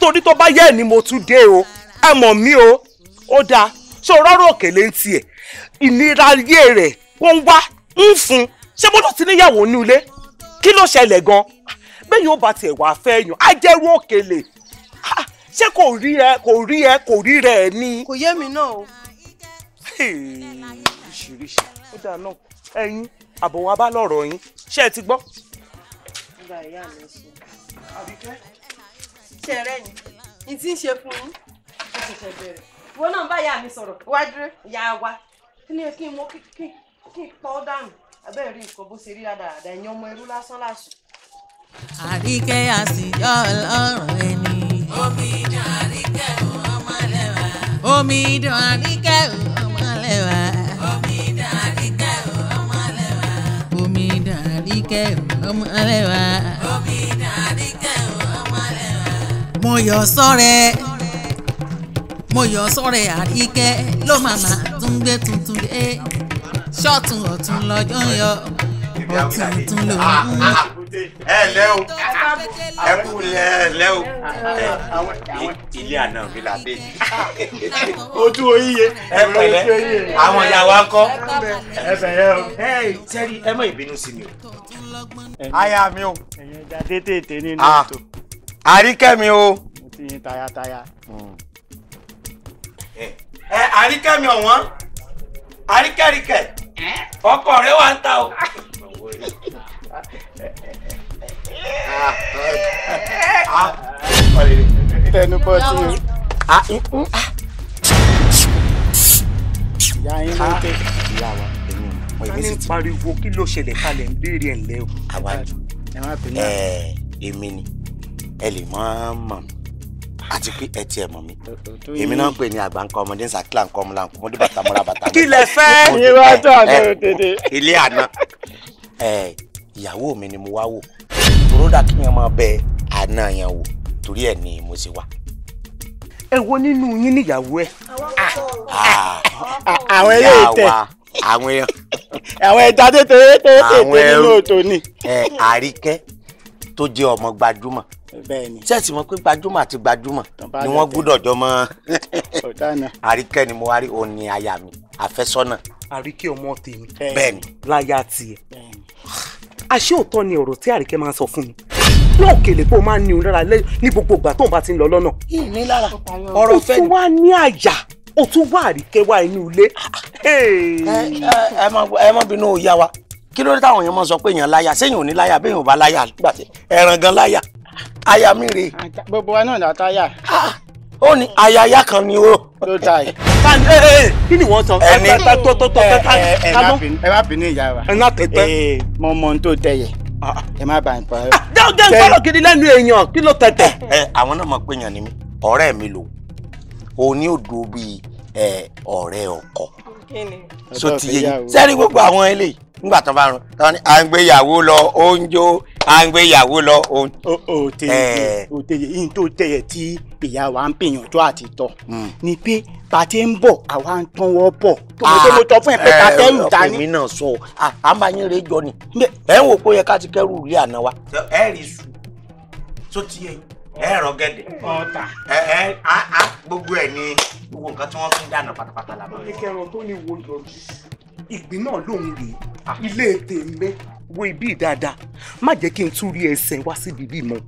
torí tó bá yẹ ni mo tún dé o ẹ mọ̀ mí o ó dáa ṣé o rọ́rọ́ òkèlè ń tiẹ̀ ìnira ayé rẹ̀ wọ́n wá ń fún un ṣé bọ́dọ̀ ti níyàwó ní kí ló ṣẹlẹ̀ gan-an bẹ́yìn ó bá tiẹ̀ wá fẹ́ yàn á jẹ́rú òkèlè ṣé kò rí ẹ kò rí ẹ kò rí rẹ ni. kò yé mi náà o. oríṣiríṣi ó dáa náà ẹ̀yin àbọ̀ wa bá lọ̀rọ̀ yín ṣé ẹ ti gbọ́. nígbà ìyá mi sọ àbíkẹ́. ṣe rẹ yìí ní tí ń ṣe fún yín ó ti ṣe bẹ̀rẹ̀ ìwọ náà bá ìyá mi sọ̀rọ̀ wá dúró ìyá wa kí ni kí n mọ kí n pọ́ dànù abẹ́rẹ́ nǹkan bó ṣe rí dáadáa ẹ̀yin ọmọ ẹrú lásán lásán àríkẹ́ àsìjọ́ ọlọ́run ẹni. omidan àríkẹ́ ò ọmọ lẹ́wà. omidan àríkẹ́ ò ọmọ lẹ́wà. omidan àríkẹ́ ò ọmọ lẹ́wà. omidan àríkẹ́ ò ọmọ lẹ́wà. omidan àríkẹ́ ò ọmọ lẹ́wà. mo yọ sọ́rẹ́ mo yọ sọ́rẹ́ àríkẹ́ ló màmá tún gbé tuntun dé ṣọ́ọ̀tún ọ̀tún lọ́jọ́ yọ ọ̀tún tún lòún ẹ lẹ o ẹ kú lẹ lẹ o ilé àná mi là dé ojú oyíye ẹ pẹ̀lẹ́ àwọn ìyá wa kọ ẹ bẹ̀rẹ̀ o ẹ sẹrí ẹ má ìbínú sí mi o. aya mi o. ẹ̀yin ọjà tètè nínú ah, ètò. àríkẹ́mi o. mo ti yin tayataya. ẹ àríkẹ́mi ọ̀wọ́n àríkẹ́ríkẹ́ ọkọ rẹ wà ń ta o. Ah, tẹnu bọ tí o. ìyá yín ló dé. ìyá wa èmi ò mọ èmi sì ti. pariwo kí ló ṣẹlẹ̀ kalẹ̀ ń béèrè ẹ̀ ńlẹ́ o. àwa ẹ èmi ni ẹ lè mọ mọ mi àti pé ẹ tiẹ̀ mọ̀ mi èmi náà ń pè ní àgbà ńkọ ọmọdé ńsà kílà ńkọ ọmọlá ńkọ ọmọdé bàtà mọ́ra bàtà. kí lẹ fẹ́. ìwádìí àná òdèdè. ilé àná ìyàwó mi ni mo wá wò tòródà kí yẹn máa bẹ àna yẹn wò torí ẹ ni mo ṣe wá. ẹ wo nínú yín níyàwó ẹ. Ah, àwọn eléyìí tẹ àwọn [laughs] àwọn ẹja tètè tètè nínú òtò ni. ẹ àríkẹ́ tó jẹ́ ọmọ gbajúmọ̀ sẹ́ẹ̀sì mọ̀ pé gbajúmọ̀ àti gbajúmọ̀ ni wọ́n gbúdọ̀ jọ mọ́ [laughs] àríkẹ́ ni mo wá rí òun ni aya mi àfẹ́sọ́nà. àríkẹ́ ọmọ tèmi bẹ́ẹ̀ ni láyà tiẹ̀ àṣé òótọ́ ni ọ̀rọ̀ tí àríkẹ́ máa ń sọ fún mi ló kèlè pé o máa ń ní òun lára lẹ́yìn ní gbogbo ìgbà tóun bá ti ń lọ lọ́nà. ìní lára ọ̀rọ̀ fẹ́ ni. o tún wá ní àyà o tún wá àríkẹ́ wá inú ilé. ẹ má bínú ìyá wa kí ló dé táwọn èèyàn máa sọ pé èèyàn láyà séèyàn ò ní láyà béèyàn ò bá láyà gbàtẹ ẹran gan láyà aya mi rè. gbogbo wa náà là á táyà. Ah, ó ní ayaya kan ni ó. ló ta yìí. Eh, eh, kí ni wọ́n sọ. ẹni tó tó tó ká ló. Eh, ẹ má bínú ìyá wa. ẹ má tẹ̀tẹ̀. mo mọ ohun tó tẹ yẹ ah, ah. ẹ má bàa pa. jẹun ah, jẹun sọ̀rọ̀ gidi lẹ́nu èèyàn kí ló tẹ̀tẹ̀. ẹ àwọn náà mọ̀ pé èèyàn ni mí ọ̀rẹ́ mi lò ó ní òdo bíi ọ̀rẹ́ ọkọ so ti yẹ yín sẹ́ni gbogbo àwọn eléyìí nígbà tó bá rún tán ni à ń gbéyàwó lọ oúnjẹ à ń gbéyàwó lọ oúnjẹ. o tẹyẹ o tẹyẹ yìí tó tẹyẹ tí pèyà wa ń pèyànjú àti tọ hmm. ni pé pàtẹ ń bọ̀ àwa ń tán wọ́ bọ̀ ah. tọ fún ẹ pé pàtẹ eh, ń ta ni. ọkùnrin náà sọ àmàyínrè jọ ni ẹ ń wò pé yẹ ká ti kẹrù rí àná wa. ẹ rí sùn tó ti yẹ ẹ rọ gẹdẹ ọta ẹ ẹ a a gbogbo ẹ ni gbogbo nǹkan tí wọn fi ń dáná pátápátá la máa ń sọ. tó ní wo yọjú ìgbín náà lòún rèé ah. ilé tèmi wo ibi dáadáa má jẹ́ kí n tún rí ẹsẹ̀ wá síbi bí mọ́.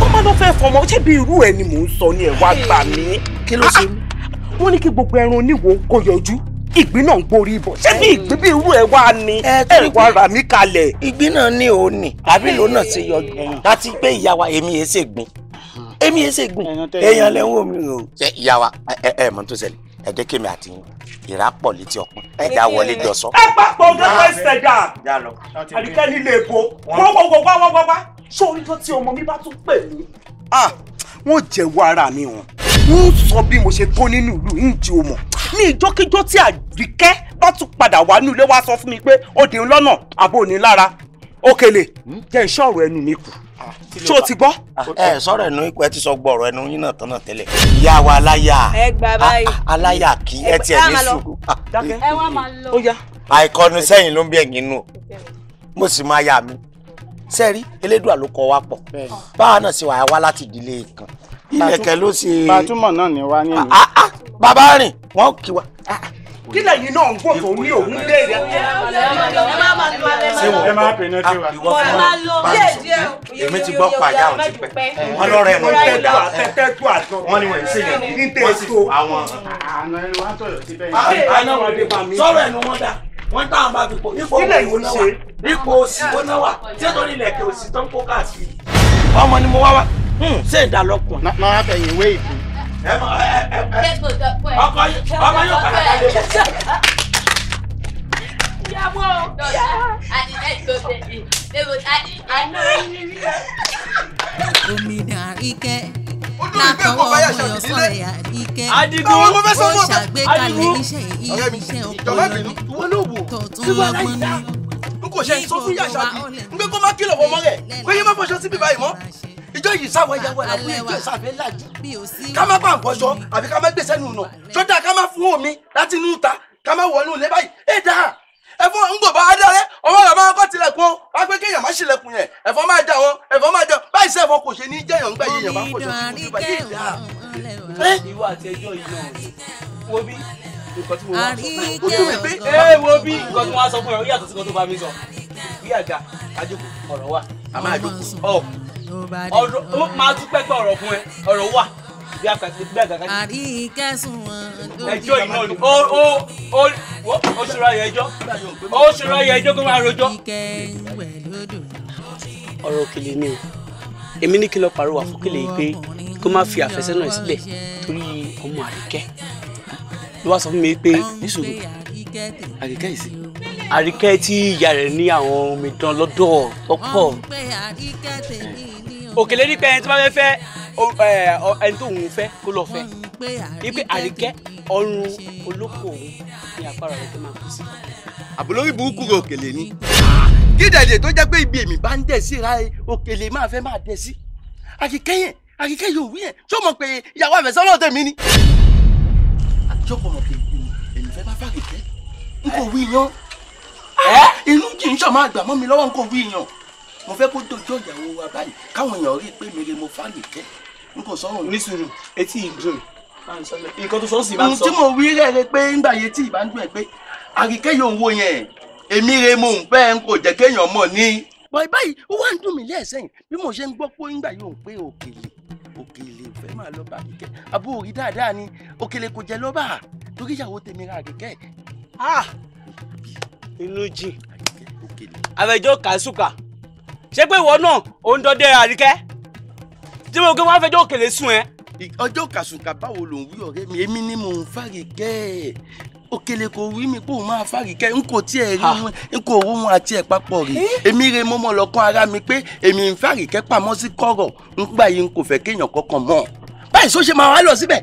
wọ́n máa lọ fẹ́ fọmọ ṣé bí irú ẹ ni mò ń sọ ni ẹ wá gbà mí. kí ló ṣe mí. Ah, wọ́n ní kí gbogbo ẹran oníwo kó yọjú ìgbín náà ń gborí ibọ̀ ṣé bí ìgbín bí irú ẹ wá ni ẹ wá rà mí kalẹ̀. ìgbín náà ní òun ni àbí lòun náà ti yọ gbìn láti pé ìyàwó èmi yẹn ṣe gbìn èmi yẹn ṣe gbìn èèyàn lẹ́wọ̀n mi o. ìyàwó ẹ ẹ mọ̀ tó ṣẹlẹ̀ ẹ jẹ́ kémi àti yín ìrápọ̀ létí ọ̀pọ̀ ẹja wọlé jọ sọ. ẹ bá pọ̀ ọjọ́ fẹ́ ṣẹ̀dá àdìkẹ́ nílé epo wọ́wọ́wọ́wọ́wọ́wá ṣé orí tó ti ọmọ mi bá tún pè mí. wọ́n jẹ̀wọ́ ara mi hàn wọ́n sọ bí mo ṣe tó nínú ìlú ìjì òmò ní ìjọ́kíjọ́ tí àdìkẹ́ bá tún padà wá nílé wá sọ fún mi pé ó dín lọ́nà àbò ní lára Òkèlè jẹ́ ń sọ̀rọ̀ ẹnu mi kù ṣó ah, ti gbọ́. Ah, ẹ sọ̀rọ̀ ẹnu ikú ẹ ti sọ gbọ̀rọ̀ ẹnu yín náà tán náà tẹ́lẹ̀ ìyá wa aláyà aláyà kí ẹ ah, tiẹ̀ ní sùúrù. ẹ wá máa lọ. àìkọ́ni sẹ́yìn ló ń bí ẹ̀yìn nù mo sì máa yà mí sẹ́rí elédùà ló kọ wá pọ̀ báwa náà ṣe wà wá láti ìdílé kan ìlẹ̀kẹ̀ ló ṣe. bàtúmọ̀ náà ni wá ní ìlú. bàbá rìn wọ́n kí wa kí lẹ́yìn náà ń gbòkó ní òun léèrè. ṣé wọ́n máa pinnu tí wa. ìwọ fún wa èmi ti gbọ́ pàjá ò ti pẹ́ wọ́n lọ rẹ̀ wọ́n tẹ́ dá tẹ́tẹ́ tó àtọ́ wọ́n ni wọ́n ń ṣèyàn ní tẹ́tí tó. àwọn àna ẹni wàá tọ̀yọ̀ síbẹ̀ yìí. sọ̀rọ̀ ẹnu wọn dá wọ́n táwọn bá fi pò nípò òwò náà wà nípò òsì wọn náà wà tí ó tó nílẹ̀ kẹ̀ òsì tó ń kó káàkiri. ọmọ ni mo wá wá hmm, ṣé ìdálọ́kùn. máa fẹ̀yìn wé ìpín ẹ mọ ẹ ẹ ẹ ọkọ yìí ọmọ yóò padà dé. ìyàwó ìyá àdìdá ìgbọ̀nsẹ̀ lèbo tani àná ìrírí. Gómìnà Àríkẹ́ lákọ̀wọ́ ọmọ ọ̀sán ẹ̀yà Àríkẹ́ ó ṣàgbékalẹ̀ iṣẹ́ iṣẹ́ ọpọlọ tọ̀tún lọ́gbọ́n ní. n kò ṣe sọ fún yàtọ̀ nígbà kó má kìlọ̀ ìjọ yìí sáwọn ìyàwó ẹ̀ làwọn ìjọ ìsàfẹ́ làjú ká má bà bọ́jọ́ àbí ká má gbé sẹ́nu nà sọ́dà ká má fún omi láti inú ta ká má wọ inú ilé báyìí ẹ̀ dáa ẹ̀fọ́ ńgbọ̀bọ̀ adarẹ́ ọmọ rẹ̀ máa kọ́ tilẹ̀kùn ó wá pé kéèyàn má ṣílẹ̀kùn yẹn ẹ̀fọ́ máa já wọn ẹ̀fọ́ máa já báyìí sí ẹ̀fọ́ kò ṣe ní jẹ́yàn ńgbà yìí yẹn bá kò ṣe ní ìgbà yìí dáa. ìwà àti ẹjọ́ yìí náà wo bí nǹkan tí mo wá sọ ojú mi pé ẹ wo bí nǹkan tí mo wá sọ fún ẹ ó yàtọ̀ sí nǹkan tó bá mi sọ bí àga àjòkò ọ̀rọ̀ wà àmọ́ àjòkò ọ̀ ọ̀rọ̀ máa dúpẹ́ pé ọ̀rọ̀ fún ẹ ọ̀rọ̀ wà bí àkàtì bí àkàtì. àrí kẹsùn ọdún. ẹjọ́ iná ni ó ó ó ó ṣòro ayẹ ẹjọ́ ó ṣòro ayẹ ẹjọ́ kó máa rojọ́. ọ̀rọ̀ òkèlè ni o èmi ní kí lọ pàrọwà fókèlè yìí pé kó má fi àfẹsẹ́nà sílẹ̀ torí ọmọ àríkẹ́ ló wá sọ fún mi pé níṣòro àríkẹ́ yìí sí àríkẹ́ tí ìyá rẹ̀ ní àwọn omidan lọ́dọ̀ ọ̀pọ̀ òkèlè ní pé ẹni tó bá fẹ́ fẹ́ ẹni tó òun fẹ́ kó lọ fẹ́ ipe àríkẹ́ ọrùn olóko òun ni àpárá rẹ̀ tó máa kú sí. àbúlórí burúkú rẹ òkèlè ni kí dẹ̀dẹ̀ tó jẹ́ pé ibi èmi bá ń dẹ̀ sí ra òkèlè máa fẹ́ máa dẹ̀ sí àkìkẹ́yìn àkìkẹ́yìn òwú yẹn tó mọ̀ pé ìyàwó àfẹ́sọ́nà tèmi ni. àjọpọ̀ mọ̀ pé èmi fẹ́ bá fàkìkẹ́ n kò wí yan inú kì í ṣọ̀ máa gbà mọ́ mi lọ́wọ́ n kò wí yan mo fẹ́ kó dojú ìyàwó wa báyìí káwọn èèyàn rí i pé mèrè mo fà nìkẹ́ n kò sọ̀rọ̀. ní sùúrù etí ìdúró nǹkan tó sọ sí máa ń sọ. tí mo wí rẹ̀ ni pé ńgbà yẹn tí ìbá ń dùn ẹ̀ pé àríkẹ́ yóò wo yẹn èmi re mo ń fẹ́ n kò jẹ́ kéèyàn mọ̀ ní. bọ̀ báyìí ó wá ń dùn mí lẹ́ẹ̀sẹ̀yìn bí mo ṣe ń gbọ́ pé ńgbà yóò pé òkèlè òkèlè fẹ́ máa lọ bá àríkẹ́ àbúrò rí dáadáa ni òkèlè kò jẹ́ lọ́ba torí ìyàwó tèmi ra àríkẹ́. Ah! inú jìn àfẹjọ́ kàásùkà ṣé pé ìwọ náà ò ń dọdẹ àríkẹ́ tí mo gbé wọn fẹjọ́ òkèlè sùn ẹ. ọjọ́ kàsùnkà báwo ló ń wí ọ̀rẹ́ mi èmi ni mò ń O òkèlè kò wí mi kó máa fàríkẹ́ n kò tiẹ̀ rí wọn n kò rú wọn àti ẹ̀ papọ̀ rí eh? èmi rè mọ́mọ́ lọ́kàn ara mi pé èmi ń fàríkẹ́ pamọ́ sí kọ̀rọ̀ nígbà yìí n kò fẹ́ kéèyàn kankan mọ́ báyìí sọ ṣe máa wá lọ síbẹ̀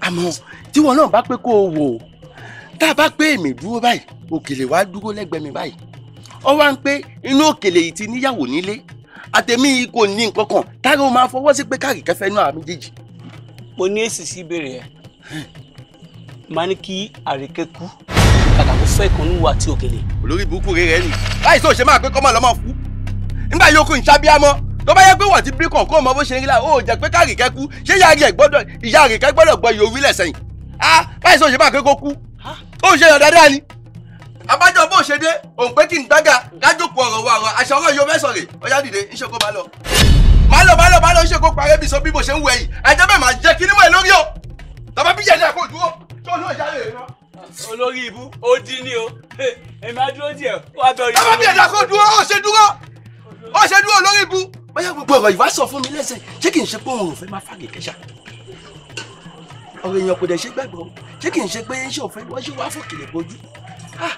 àmọ́ tí náà bá pé kó o wò tá a bá pé èmi dúró báyìí òkèlè wá dúró lẹ́gbẹ̀ẹ́ mi báyìí ọ wá ń pé inú òkèlè yìí ti níyàwó nílé àtẹ̀mí yìí kò ní nǹkan kan táyà ó máa fọwọ́ sí pé káàkiri kẹfẹ́ náà àmì jèjì. mo ní èsì sí ìbéèrè ẹ máa ní kí àríkẹ́ kú kàkà kó fẹ́ ìkànnì wo àti òkèlè. olórí burúkú rẹ rẹ nì láì sọ òṣèmá pé kọ́mọ lọ́mọ kú nígbà yòókù ìṣàbíàmọ́ tó bá yẹ pé wọ́n ti bí kàn kó o mọ bó ṣe ń rí la ó jẹ́ pé káàkiri kú ṣé ìyá àríkẹ́ gbọ́dọ̀ gbọ́ yorùbá lẹ̀ sẹ́yìn ah láì sọ òṣèmá pé kó kú ó ṣe yàn dáadáa ni abájọ bó ṣe dé òun pé kí n gbága kájòkó ọ̀rọ̀ wa ọ̀rọ̀ àṣà ọ̀rọ̀ yóò fẹ́ sọ̀rẹ̀ ọ̀yá dìde ń ṣe kó bá lọ. má lọ má lọ má lọ ń ṣe kó parẹ́ bí sọ bí mo ṣe ń wẹ̀ yìí ẹ̀jẹ̀ bẹ́ẹ̀ máa jẹ́ kíní mọ́ ẹ lórí o tọ́ba bí jẹ̀dẹ̀ kò dúró tó ló ìyá rẹ̀ rán. olórí ibú ó dín ní o èmi á dúró díẹ̀ wá bẹ̀rù. tọ́ba bí jẹ̀dẹ̀ kò dúró ó ṣe dúró ó ṣe dúró olórí ibú. bóyá gbogbo ọ̀rọ̀ ìwà sọ fún mi lẹ́sẹ̀ ṣé kì í ṣe pé òun ò fẹ́ máa fàgè kẹ́sà ọ̀rọ̀ èèyàn kò dẹ̀ ṣe gbàgbọ́ ṣé kì í ṣe pé ṣé òfin wọ́n ṣe wá fòkèlè bójú ah!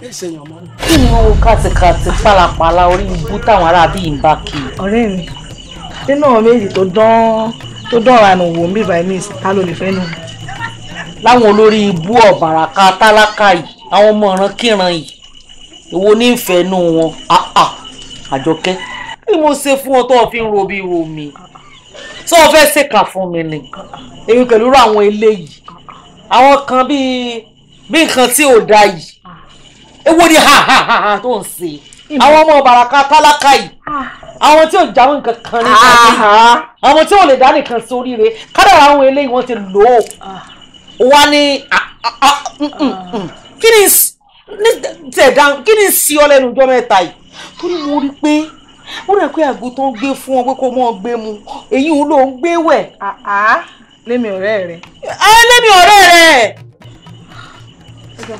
kí ni wọn wo kàtìkàtì pàlàpàlà orí ibú táwọn ará bíi ń bá kiri. ọ̀rẹ́ mi nínú àwọn méjì tó dán tó dán ìranù wò ń bíbá ẹni ìsìta ló lè fẹ́ nù. láwọn olórí ibú ọ̀bàràkà tálákà yìí àwọn ọmọ ọ̀ràn kíran yìí èwo ní ìfẹ́ nù wọn àjọkẹ́ bí mo ṣe fún ọ tó o fi ń ro bí ro mi tó o fẹ́ ṣèkà fún mi ni èmi pẹ̀lú àwọn eléyìí àwọn kan bíi bí nǹkan tí ò da yìí ewo ni ha ha ha ha tó ń ṣe àwọn ọmọ baraka tálákà yìí ah. àwọn tí ò jáwé nǹkan kan ní ìgbà ah. àwọn tí ò lè dá nìkan sórí rẹ̀ kádàrà àwọn eléyìí wọ́n ti lò ó ah. wá ní mm, mm, mm. kí ni tẹ̀dá kí ni sí ọ lẹ́nu ọjọ́ mẹ́ta yìí torí mo rí pé ó rẹ̀ pé àgbo tó ń gbé fún ọ pé kó mọ́ ọ gbé mu èyí ò ló ń gbé wẹ̀. lémi ọ̀rẹ́ rẹ. lémi ọ̀rẹ́ rẹ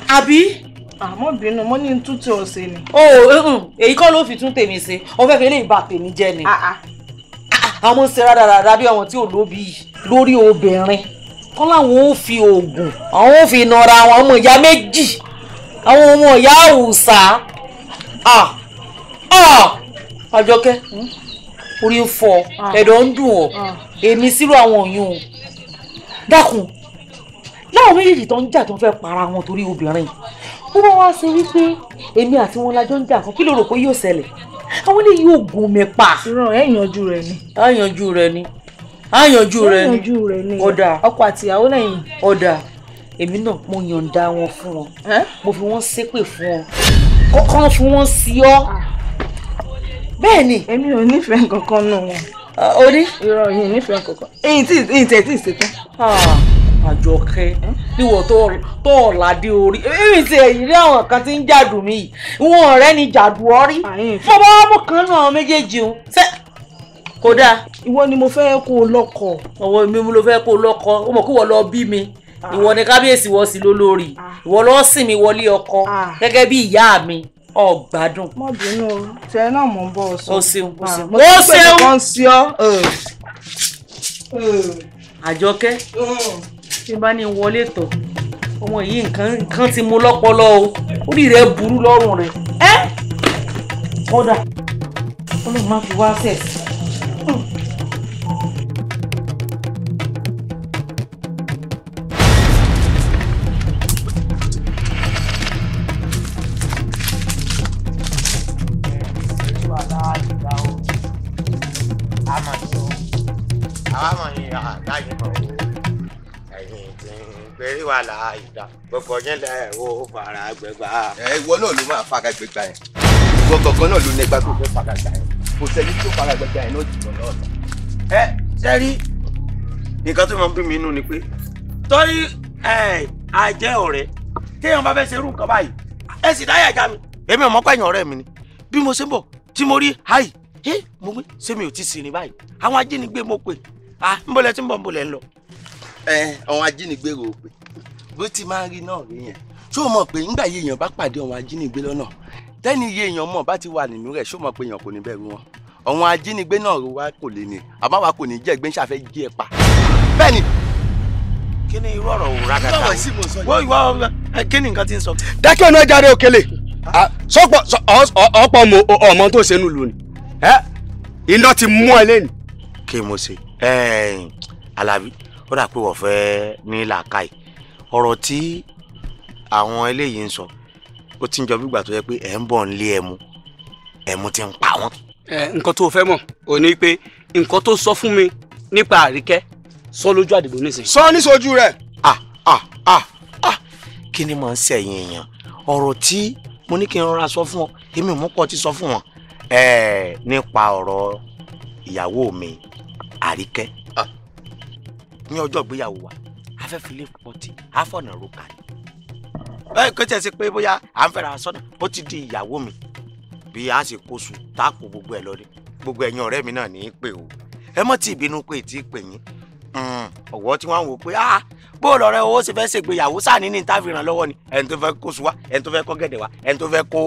àbí. àmọ́ bínú mo ní tútù ọ̀sẹ̀ ni. o eh, mm, èyí kọ́ ló fi tún tèmi ṣe o fẹ́ fi eléyìí bà tèmi jẹ́ ni. Ah, ah. Ah, àwọn ṣe rádaràdà bí àwọn tí ò lóbi yìí lórí obìnrin kọ́ làwọn ò fi oògùn àwọn ò fi nara àwọn ọmọ ìyá méjì àwọn ọmọ ìyá àwùsá àjọkẹ́ hmm? orí ń fọ ẹ̀dọ̀ ń dùn ọ́ èmi sírò àwọn òyìn o dákun láwọn méjèèjì tó ń jà tó ń fẹ́ para wọn torí obìnrin bó bá wá ṣe wípé èmi àti wọn lájọ ń jà kan kí ló rò pé yóò ṣẹlẹ̀ àwọn lè yóò gun mi pa. ìran ẹ yanjú rẹ ni. a yanjú rẹ ni a yanjú rẹ ni ọ̀dà ọkọ àti ìyàwó lẹ́yìn. ọ̀dà èmi náà mo yọ̀ǹda wọn fún wọn mo fi wọn ṣépè fún wọn kọ́kọ́ fún wọn sí ọ́ bẹ́ẹ̀ ni. èmi ò nífẹ̀ẹ́ kankan nù wọn. orí. ìrọ̀ yìí nífẹ̀ẹ́ kankan. èyí tí èyí tẹ̀ tí ì ṣe tán. Ah àjọkẹ́ níwọ̀ tó ọ̀làdé orí èmi ti ẹ̀yìn rí àwọn kan tí ń jàdù mí yìí ìwọ̀n ọ̀rẹ́ ni jàdù ọrí fọwọ́ mú kan náà méjèèjì o ṣe kódà. ìwọ ni mo fẹ́ kó o lọ́kọ. ọwọ́ mi mo fẹ́ kó o lọ́kọ ó mọ̀ kó wọ́n lọ bí mi ah. ìwọ ni kábíyèsí wọ́n sì lólórí ah. ìwọ lọ́ọ́ sìn mi wọlé ọkọ ah. gẹ́gẹ́ bí ìyá mi ọgbádùn. má bínú o tẹ náà mò ń bọ ọ o ṣeun o ṣeun o ṣeun. mo àjọkẹ́. Oh tí n bá ní wọlé tọ̀ ọmọ yìí nǹkan nǹkan ti mú lọ́pọlọ o orí rẹ̀ burú lọ́rùn rẹ̀ ẹ́ kódà ọlọ́run má fi wá sẹ̀ àlà ìdá gbogbo yẹn lẹ o fara gbẹgbà. ẹ ìwọ náà ló máa fara gbẹgbà yẹn ìwọ kankan náà ló nẹgbà tó fẹ́ gbà yẹn kò sẹ́ni tó fara gbẹgbà yẹn náà jùlọ náà ẹ sẹ́rí nǹkan tó máa ń bí mi inú ni pé àjẹ́ ọ̀rẹ́ téèyàn bá fẹ́ nǹkan báyìí ẹ sì mi èmi ọ̀rẹ́ mi ni bí mo ṣe ń bọ̀ tí mo rí ẹ mo ò ti sìn ní báyìí àwọn ajínigbé mo pè ah, ń bọ̀lẹ̀ tí bó ti máa rí náà rí yẹn ṣó o mọ̀ pé nígbà yìí èèyàn bá pàdé àwọn ajínigbé lọ́nà tẹ́ni iye èèyàn mọ̀ bá ti wà nínú rẹ̀ ṣó o mọ̀ pé èèyàn kò ní bẹ̀rù wọn àwọn ajínigbé náà ro wa kò lè ní àbá wa kò ní jẹ́ ìgbé ṣàfẹ́ jí ẹ pa bẹ́ẹ̀ ni. kí ni irú ọ̀rọ̀ òwúrọ̀ kàkà wọ́n ìwà ọ̀la kí ni nǹkan ti ń sọ. dákẹ́ ọ̀nà jáde òkèlè ọ̀pọ̀ ọmọ tó ṣe nílùú ni iná ti mú ẹ lẹ́nu. kí mo ṣe Alábí ó dà pé wọ́n fẹ́ ní làákàyè ọ̀rọ̀ tí àwọn eléyìí ń sọ ó ti ń jọ bígbà tó yẹ pé ẹ̀ ń bọ̀ nílé ẹmu ẹmu ti ń pa wọ́n. nǹkan tó o fẹ́ mọ̀ ò ní pé nǹkan tó sọ fún mi nípa àríkẹ́ sọ lójú àdìgbò nísìnyí. sọ ní sojú rẹ. ah ah ah ah kí ni màá sẹ́yìn èèyàn ọ̀rọ̀ tí mo ní kí n rọra sọ fún ọ èmi ò mú pọ̀ ti sọ fún wọn nípa ọ̀rọ̀ ìyàwó mi àríkẹ́ ní ọjọ́ ìgbéyàwó wa fẹ́ fi lé pọtì àfọ̀nà roka ni ẹ kò tẹ̀ sí pé bóyá à ń fẹ́ra sọ́nà ó ti di ìyàwó mi bí a sì kó sùn tá a kó gbogbo ẹ̀ lọ rí gbogbo ẹ̀yin ọ̀rẹ́ mi náà ní í pè o ẹ mọ́ tí ìbínú pé tí ì pè yín hmm, ọ̀wọ́ tí wọ́n wò pé ah bó o lọ́rẹ́ owó ṣe fẹ́ ṣègbéyàwó sáà ní ní ta fi ràn lọ́wọ́ ni ẹni tó fẹ́ kó sùn wá ẹni tó fẹ́ kó gẹ̀dẹ̀ wá ẹni tó fẹ́ kó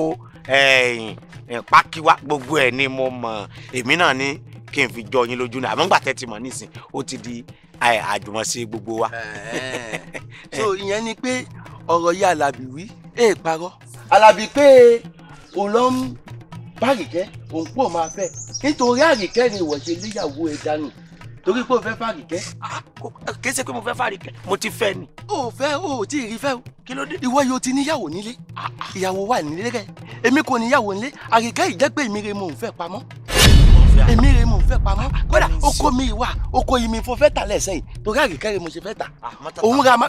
pákí wá gbogbo ẹ̀ ni mo mọ̀ èmi náà ní kí n fi jọ yín lójú ni àmọ́ gbà ti mọ̀ nísìn ó ti di àjùmọ̀ṣe gbogbo wa. so ìyẹn ni pé ọ̀rọ̀ yìí alábì wí ẹ̀ parọ́ alábì pé òun lọ ń bá àríkẹ́ òun pò máa fẹ́ nítorí àríkẹ́ ni ìwọ̀ ṣe léyàwó ẹ̀ dànù torí pé o fẹ́ fàríkẹ́. Ah, kì í ṣe pé mo fẹ́ fàríkẹ́ mo ti fẹ́ ni. o fẹ́ o tí ì rí fẹ́ o. kí ló dé. ìwọ yóò ti níyàwó nílé ah, ah. ìyàwó wà nílé rẹ èmi kò níyàwó nílé àríkẹ́ ìjẹ́pẹ́ mi rè ń fẹ́ pamọ́ èmi fẹ́ pamọ́ ah, kódà oko mi wà oko yìí mi fọ fẹ́ ta lẹ́sẹ̀ yìí torí àgìkẹ́rẹ́ mo ṣe fẹ́ ta ah, òun ra ma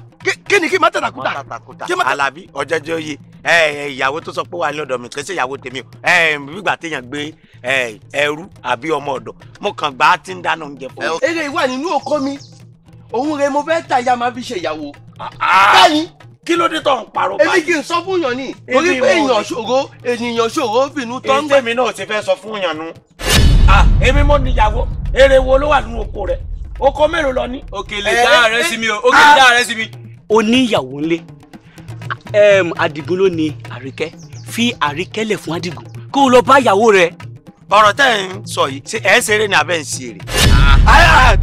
kí ni kí má tẹ̀tà kúta. Alábí ọjọ́jọ́ yé ìyàwó tó sọ pé wà ní ọ̀dọ̀ mi kì í ṣe ìyàwó tèmi o gbígbà téèyàn gbé ẹrú àbí ọmọ ọ̀dọ̀ mo kàn gbà á ti ń dáná oúnjẹ fún mi. Eh, eré wà nínú oko mi òun rẹ mo fẹ́ ta ya máa fi ṣe ìyàwó. Ah, báyìí kí ló dé tó ń parọ́ báyìí. èmi kì í sọ fún yàn ni torí pé èèyàn ṣòro ènìyàn ṣòro fìnnú tọ́ ń gbé. èyí tèmi náà ti fẹ́ sọ fún yàn nu ah èmi mo níyàwó èrè wo ló wà nínú oko rẹ oko mélòó lọ ní. òkèlè eh, dá rẹ sí mi o eh, òkèlè dá ah. rẹ sí mi. o ní Adigun ló ní Àríkẹ́ fi Àríkẹ́ lẹ̀ fún Adigun kó o lọ bá ìyàwó rẹ. ọ̀rọ̀ tẹ́ ẹ̀ ń sọ yìí ṣé ń ṣeré ni abẹ́ ń ṣeré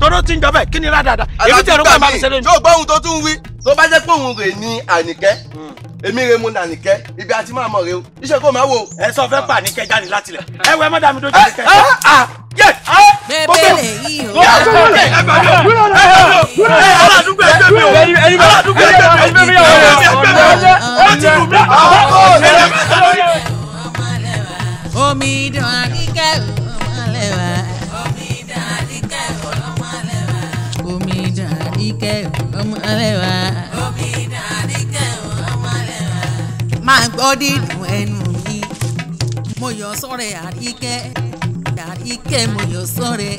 tọ́dọ̀ tí ń jọ bẹ́ẹ̀ kí ni rádàdà èmi tẹ̀ ló máa bá mi ṣẹlẹ̀ ní. yóò gbọ́ ohun tó tún wí tó bá jẹ́ pé òun rè ní ànìkẹ́ èmi rè mu nànìkẹ́ ibi àti máa mọ̀ rè o iṣẹ́ kò máa wò. ẹ sọ fẹ́ pa ànìkẹ́ jáde láti lẹ̀ ẹ wẹ mọ́dà mi dojú ànìkẹ́. bẹ́ẹ̀ yìí o. aládùúgbò ẹgbẹ́ mi o aládùúgbò ẹgbẹ́ mi o ẹgbẹ́ mi o ó ti lù mí. omi dùn ànìkẹ́ Àníkẹ́ ọmọ ẹwà. Gómìnà Àníkẹ́ ọmọ ẹwà. Máa gbọ́ dídùn ẹnu mi, mo yọ sọ́rẹ̀ Àníkẹ́, Àníkẹ́ mo yọ sọ́rẹ̀.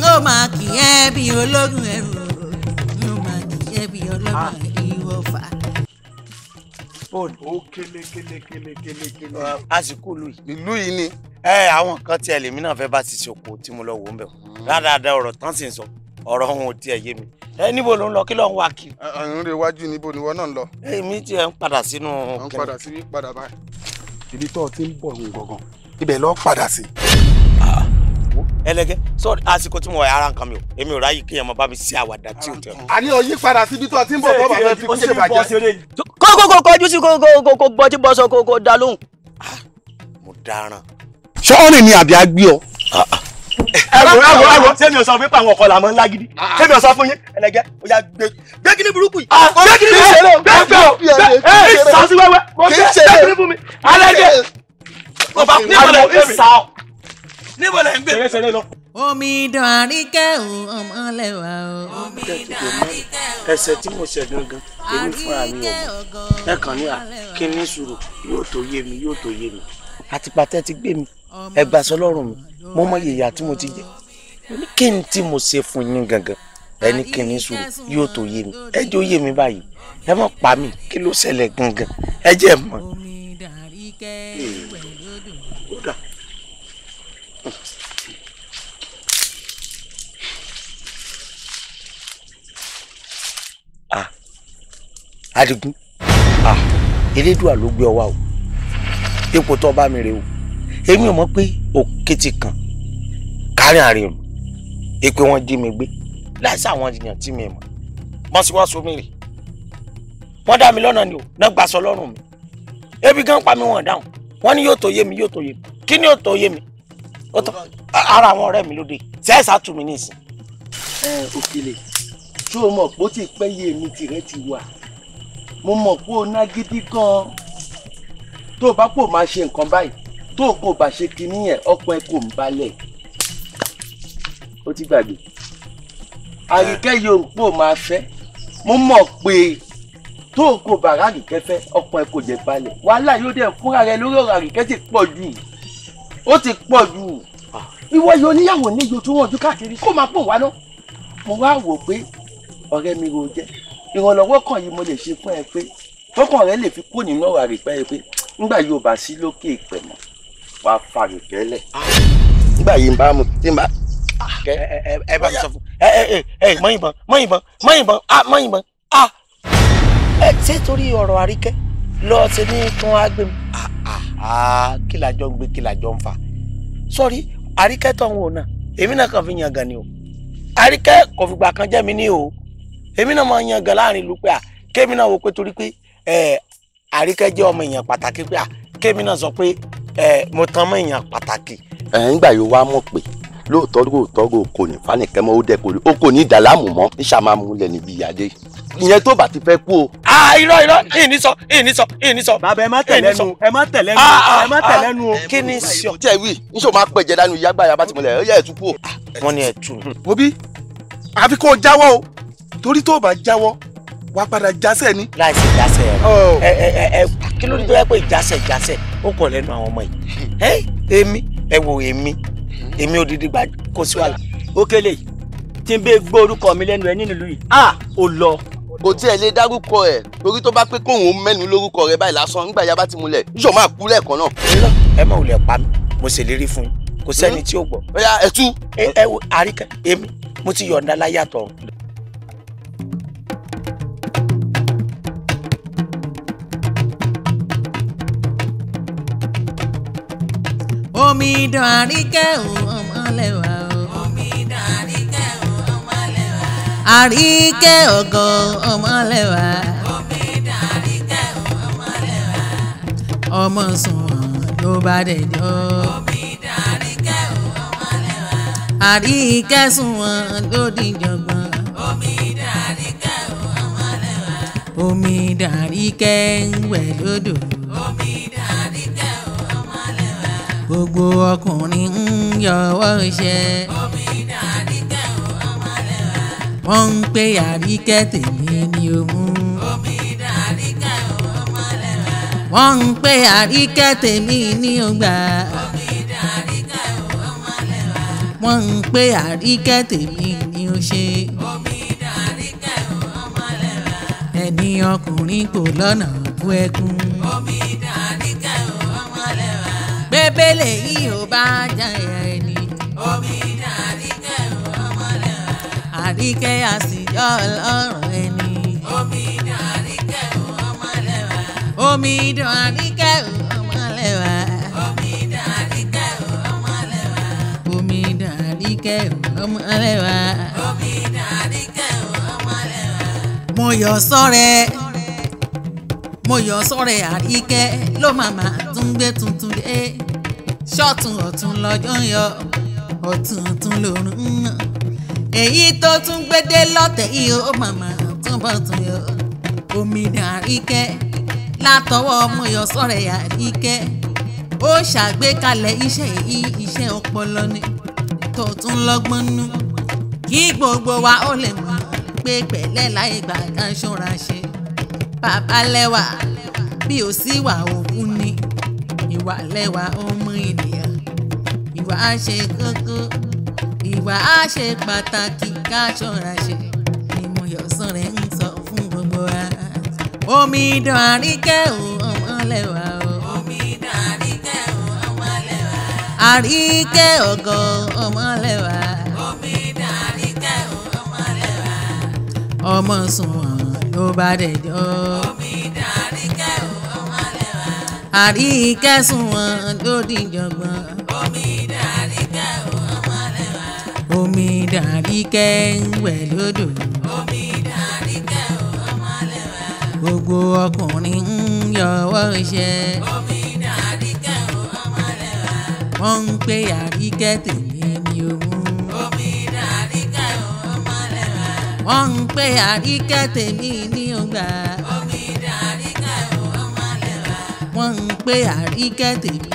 N ó máa kì ẹ́ bí ológun ẹrù, n ó máa kì ẹ́ bí ológun ah. ìwọ̀fà. Bọ́ọ̀lù ó kélé kélé kélé kélé kélé. Ah, àsìkò ìlú yìí. Ìlú yìí ni ẹ eh, àwọn kan tí ẹlẹ́mìí náà fẹ́ bá ti ṣòkò tí mo lọ wò ń bẹ̀ hmm. rárá ọ̀rọ̀ tán sì ń sọ ọ̀rọ̀ òun ò tiẹ̀ yé mi. ẹ níbo ló ń lọ kí ló ń wá kiri. ọ̀run rè wájú níbo ni ìwọ náà ń lọ. èmi ti ẹ̀ ń padà sínú. ń padà sí padà báyìí. ibi tó o ti ń bọ̀ ń gangan ibẹ̀ lọ padà sí. Ah, ẹlẹgẹ sọ àsìkò tí mo wà ara nǹkan mi o èmi ò ráyè kéèyàn máa bá mi ṣe àwàdà tí o tẹ. a ní oyí padà síbi tó o ti ń bọ̀ bọ́ bàbá fi kú ṣe bàjẹ́. kókó kó sí kókó kó bọ́sọ̀ kó kó mo dáràn. sọ́ọ́nì ni àbí agbí ọ. Ah, ah ẹwọ ẹwọ ẹwọ sẹmi ọsàn fún pàwọn ọkọ làmọ ńlá gidi sẹmi o ẹ sàn sí o ọmọlẹ́wà o. o ẹsẹ̀ tí mo ṣẹ̀ gangan èmi fúnra mi ọ̀gbọ́n ẹ ní à kí ní yóò tó yé mi yóò tó yé mi àtìpàtẹ́ ti gbé mi ẹgbàsọ́lọ́rùn mi mo mọ yèyà tí mo ti jẹ kí n tí mo ṣe fún yín gangan ẹni kí n sùn yóò tó yé mi ẹ jẹ́ ó yé mi báyìí ẹ má pa mí kí ló ṣẹlẹ̀ gangan ẹ jẹ́ mọ̀. Ah, Adigun ah, elédùà ló gbé ọ wá o ipò tó bá mi rè o èmi ò mọ̀ pé òkè ti kàn kárí àárín rù èpè wọn jí mi gbé láìsí àwọn èèyàn tí mi mọ̀ wọ́n sì wá so mi rè wọ́n dá mi lọ́nà ni o náà gbà sọ lọ́rùn mi ebi gan pa mi wọ́n dáhùn wọ́n ní yóò tó yé mi yóò tó yé mi kí ni yóò tó yé mi ara àwọn ọ̀rẹ́ mi lóde sẹ́ẹ̀sà tù mí nísìn. ẹ òkèlè tó o mọ̀ pé ó ti pẹ́ yé mi tìrẹ ti wà mo mọ̀ pé o ná gidi gan-an tó o bá pò máa ṣe nǹkan báyìí tó o bá ṣe kinní yẹn ọkọ ẹ kò ń balẹ̀ ó ti gbàgbé àríkẹ́ yorùbá máa fẹ́ mo mọ̀ pé tó o kò bá àríkẹ́ fẹ́ ọkọ ẹ kò jẹ balẹ̀ wàhálà yóò dẹ̀ fúnra rẹ lórí ọ̀rọ̀ àríkẹ́ ti pọ̀ jù ó ti pọ̀ jù ìwọ yóò níyàwó níjó tó rànjú káàkiri kó máa pọ̀ wá ná mo wá wò pé ọ̀rẹ́ mi ò jẹ́ ìrànlọ́wọ́ kan yìí mo lè ṣe fún ẹ pé tọkàn rẹ lè fi kúrò nínú ọ̀rọ̀ àríkẹ́ yìí pé ńgbà yóò bá sí lókè ìpẹ̀mọ́ wá fàyò tẹ́lẹ̀. nígbà yìí n bá mu tí b'a bá. ẹ ẹ ẹ bá mi sọ fún ẹ ẹ ẹ mọyìnbọn mọyìnbọn a ah a. ẹ ah torí ọ̀rọ̀ àríkẹ́ lọ́ọ́ ṣe ní kí wọ́n á gbé mi. ah ah ah gbé kí làjọ ń fa sọ́rí àríkẹ́ tó ń wò náà fi yan gan ni o àríkẹ́ kò fìgbà kan mi o èmi náà ma yan gan láàrin ìlú pé à kémi náà wò pé torí pé ẹ mo tan mọ́ èèyàn pàtàkì. ẹ ń gbà yóò wá mọ̀ pé lóòótọ́ lóòótọ́ kò kò ní fanìkẹ́ mọ́ ó dẹ́ kò ní ó kò ní ìdàlámù mọ́ ní sàmámu lẹ̀ níbi ìyáde ìyẹn tó bá ti fẹ́ kú o. a irọ́ irọ́ ìní sọ ìní sọ ìní sọ. bàbá ẹ má tẹ̀lé nu ẹ má tẹ̀lé nu ẹ má tẹ̀lé nu o. kí ni sọ. tí ẹ wí níṣó máa pẹ̀jẹ̀ dánú ìyá gbàyà bá ti mọ̀lẹ̀ ẹ yẹ ẹ tún kú o. wọ́n ní ẹ tún. wo àfi kó o jáwọ́ o torí tó o bá jáwọ́ wàá padà jásẹ̀ ni. láìsí jásẹ̀ oh. ẹ ẹ ẹ kí ló dé tó yẹ pé jásẹ̀ jásẹ̀ ó kọ̀ lẹ́nu àwọn ọmọ yìí ẹ èmi ẹ wò èmi èmi odidi gbà kó sí wàhálà. ó kélé tí n bẹ gbọ́ orúkọ mi lẹ́nu ẹ nínú ìlú yìí a ah, ò lọ kò tiẹ̀ lè dárúkọ ẹ̀ torí tó bá pé kóun mẹ́nu lórúkọ rẹ̀ báyìí lásán nígbà yaba ti múlẹ̀ yóò máa kú lẹ́ẹ̀kan náà. ẹ mọ̀ òlẹ̀ pa mi mo ṣèlérí fún yín kò sẹ́ni hmm? tí ó gbọ́. ẹ tú. ẹ wo àríkà èmi mo ti yọ̀ǹda láyàtọ̀. omidan àríkẹ́ ò ọmọlẹ́wà o. omidan àríkẹ́ ò ọmọlẹ́wà. àríkẹ́ ògo ọmọlẹ́wà. omidan àríkẹ́ ò ọmọlẹ́wà. ọmọ sùnwọ̀n ló bá dẹjọ́. omidan àríkẹ́ ò ọmọlẹ́wà. àríkẹ́ sùnwọ̀n ló dìjọ̀gbọ́n. omidan àríkẹ́ ò ọmọlẹ́wà. omidan àríkẹ́ wẹ̀ lódò. omidan àríkẹ́ gbogbo ọkùnrin ń yọwọ́ iṣẹ́. ọmọdé àríkẹ́ ò ọmọlẹ́wà. wọ́n ń pè àríkẹ́ tèmi ni o mú. ọmọdé àríkẹ́ ò ọmọlẹ́wà. wọ́n ń pè àríkẹ́ tèmi ni o gbà. ọmọdé àríkẹ́ ò ọmọlẹ́wà. wọ́n ń pè àríkẹ́ tèmi ni o ṣe. ọmọdé àríkẹ́ ò ọmọlẹ́wà. ẹni ọkùnrin kò lọ́nà kú ẹkún. bẹ́lẹ̀ yìí ò bá jàyà ẹni. omi náà àríkẹ́ ọmọ náà. àríkẹ́ àsìyọ́ ọlọ́run ẹni. omi náà àríkẹ́ ọmọ náà omi náà àríkẹ́ ọmọ náà mo yọ sọ́rẹ́ mo yọ sọ́rẹ̀ àríkẹ́ ló máa máa tún gbé tuntun dé ṣọ́tún ọ̀tún lọ́jọ́ yọ ọ̀tún ọ̀tún lòrùn náà èyí tó tún gbédé lọ́tẹ̀ yìí ó màmá túnbọ̀ tún yọ omi dàríkẹ́ látọwọ́ ọmọ yọ sọ̀rọ̀ ẹ̀yà ríkẹ́ ó ṣàgbékalẹ̀ iṣẹ́ yìí iṣẹ́ ọpọlọ ni tó tún lọ́gbọ́n nú kí gbogbo wa ó lè mọ̀ pé pẹ̀lẹ́ láì gbà ká ṣọ́ra ṣe bàbá lẹ́wà bí ó sì wà òkú ni ìwà lẹ́wà ọmọ ìdí ìwà á ṣe kókó ìwà á ṣe pàtàkì ká ṣọ́ra ṣe ni mo yọ̀ sọ̀rẹ́ ń sọ fún gbogbo wa. omidan Àríkẹ́ o ọmọlẹ́wà o. omidan Àríkẹ́ o ọmọlẹ́wà. Àríkẹ́ ọ̀gọ̀ ọmọlẹ́wà. omidan Àríkẹ́ o ọmọlẹ́wà. ọmọ sùnwọ̀n ló bá dẹjọ́. omidan Àríkẹ́ o ọmọlẹ́wà. Àríkẹ́ sùnwọ̀n ló dìjọ̀gbọ̀n. omi dàríkẹ́ ń wẹ̀ lódò. omi dàríkẹ́ ọmọ lẹ́wà. gbogbo ọkùnrin ń yọwọ́ iṣẹ́. omi dàríkẹ́ ọmọ lẹ́wà. wọ́n ń pè àríkẹ́ tèmi ní òun. omi dàríkẹ́ ọmọ lẹ́wà. wọ́n ń pè àríkẹ́ tèmi ní ògbà. omi dàríkẹ́ ọmọ lẹ́wà. wọ́n ń pè àríkẹ́ tèmi.